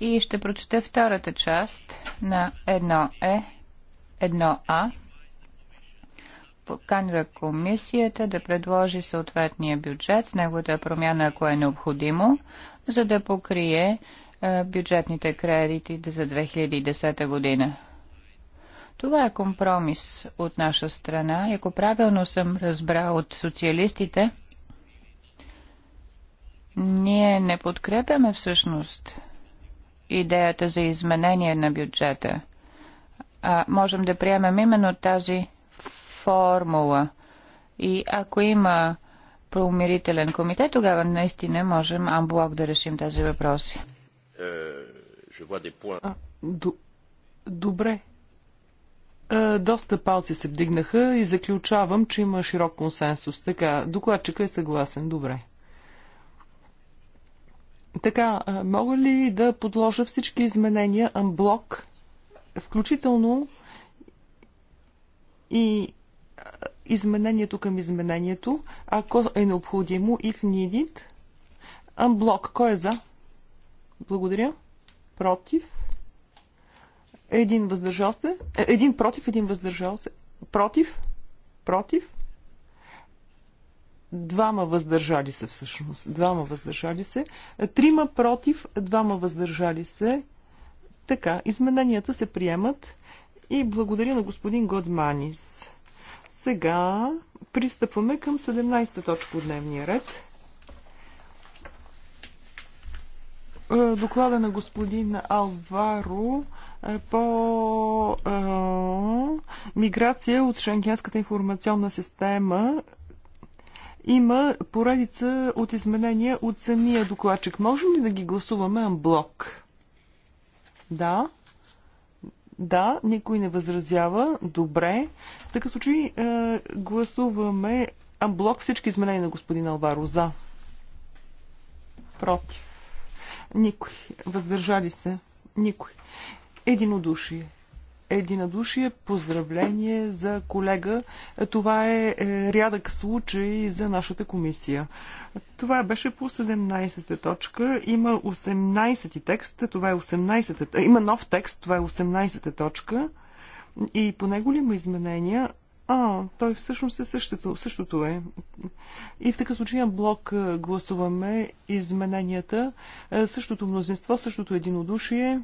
И ще прочета втората част на едно е едно а поканва комисията да предложи съответния бюджет с неговата промяна, ако е необходимо, за да покрие е, бюджетните кредити за 2010 година. Това е компромис от наша страна. Ако правилно съм разбрал от социалистите, ние не подкрепяме всъщност идеята за изменение на бюджета. А можем да приемем именно тази формула. И ако има проумирителен комитет, тогава наистина можем амблок да решим тези въпроси. Е, а, до, добре. А, е, доста палци се вдигнаха и заключавам, че има широк консенсус. Така, докладчика е съгласен. Добре. Така, е, мога ли да подложа всички изменения амблок, включително и изменението към изменението, ако е необходимо, if needed. Амблок, кой е за? Благодаря. Против. Един въздържал се. Е, един против, един въздържал се. Против. Против. Двама въздържали се всъщност. Двама въздържали се. Трима против, двама въздържали се. Така, измененията се приемат. И благодаря на господин Годманис. Сега пристъпваме към 17-та точка от дневния ред. Е, доклада на господин Алваро е, по е, миграция от Шенгенската информационна система има поредица от изменения от самия докладчик. Можем ли да ги гласуваме анблок? Да. Да, никой не възразява. Добре. В такъв случай е, гласуваме блок всички изменения на господин Алваро. За. Против. Никой. Въздържали се. Никой. Единодушие единодушие. Поздравление за колега. Това е, е рядък случай за нашата комисия. Това беше по 17-та точка. Има 18-ти текст. Това е 18-та. Има нов текст. Това е 18-та точка. И по него ли има изменения? А, той всъщност е същото, същото е. И в такъв случай на блок е, гласуваме измененията. Е, същото мнозинство, същото единодушие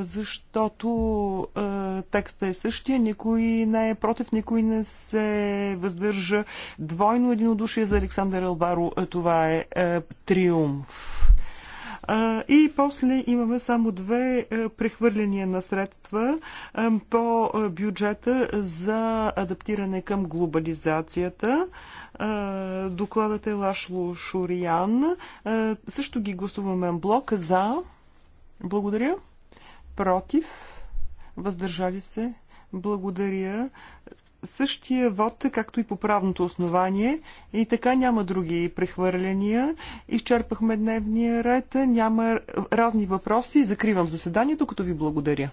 защото текста е същия, никой не е против, никой не се въздържа. Двойно единодушие за Александър Албаро, това е триумф. И после имаме само две прехвърляния на средства по бюджета за адаптиране към глобализацията. Докладът е Лашло Шуриян. Също ги гласуваме блок за. Благодаря против, въздържали се, благодаря. Същия вод, както и по правното основание. И така няма други прехвърляния. Изчерпахме дневния ред. Няма разни въпроси. Закривам заседанието, като ви благодаря.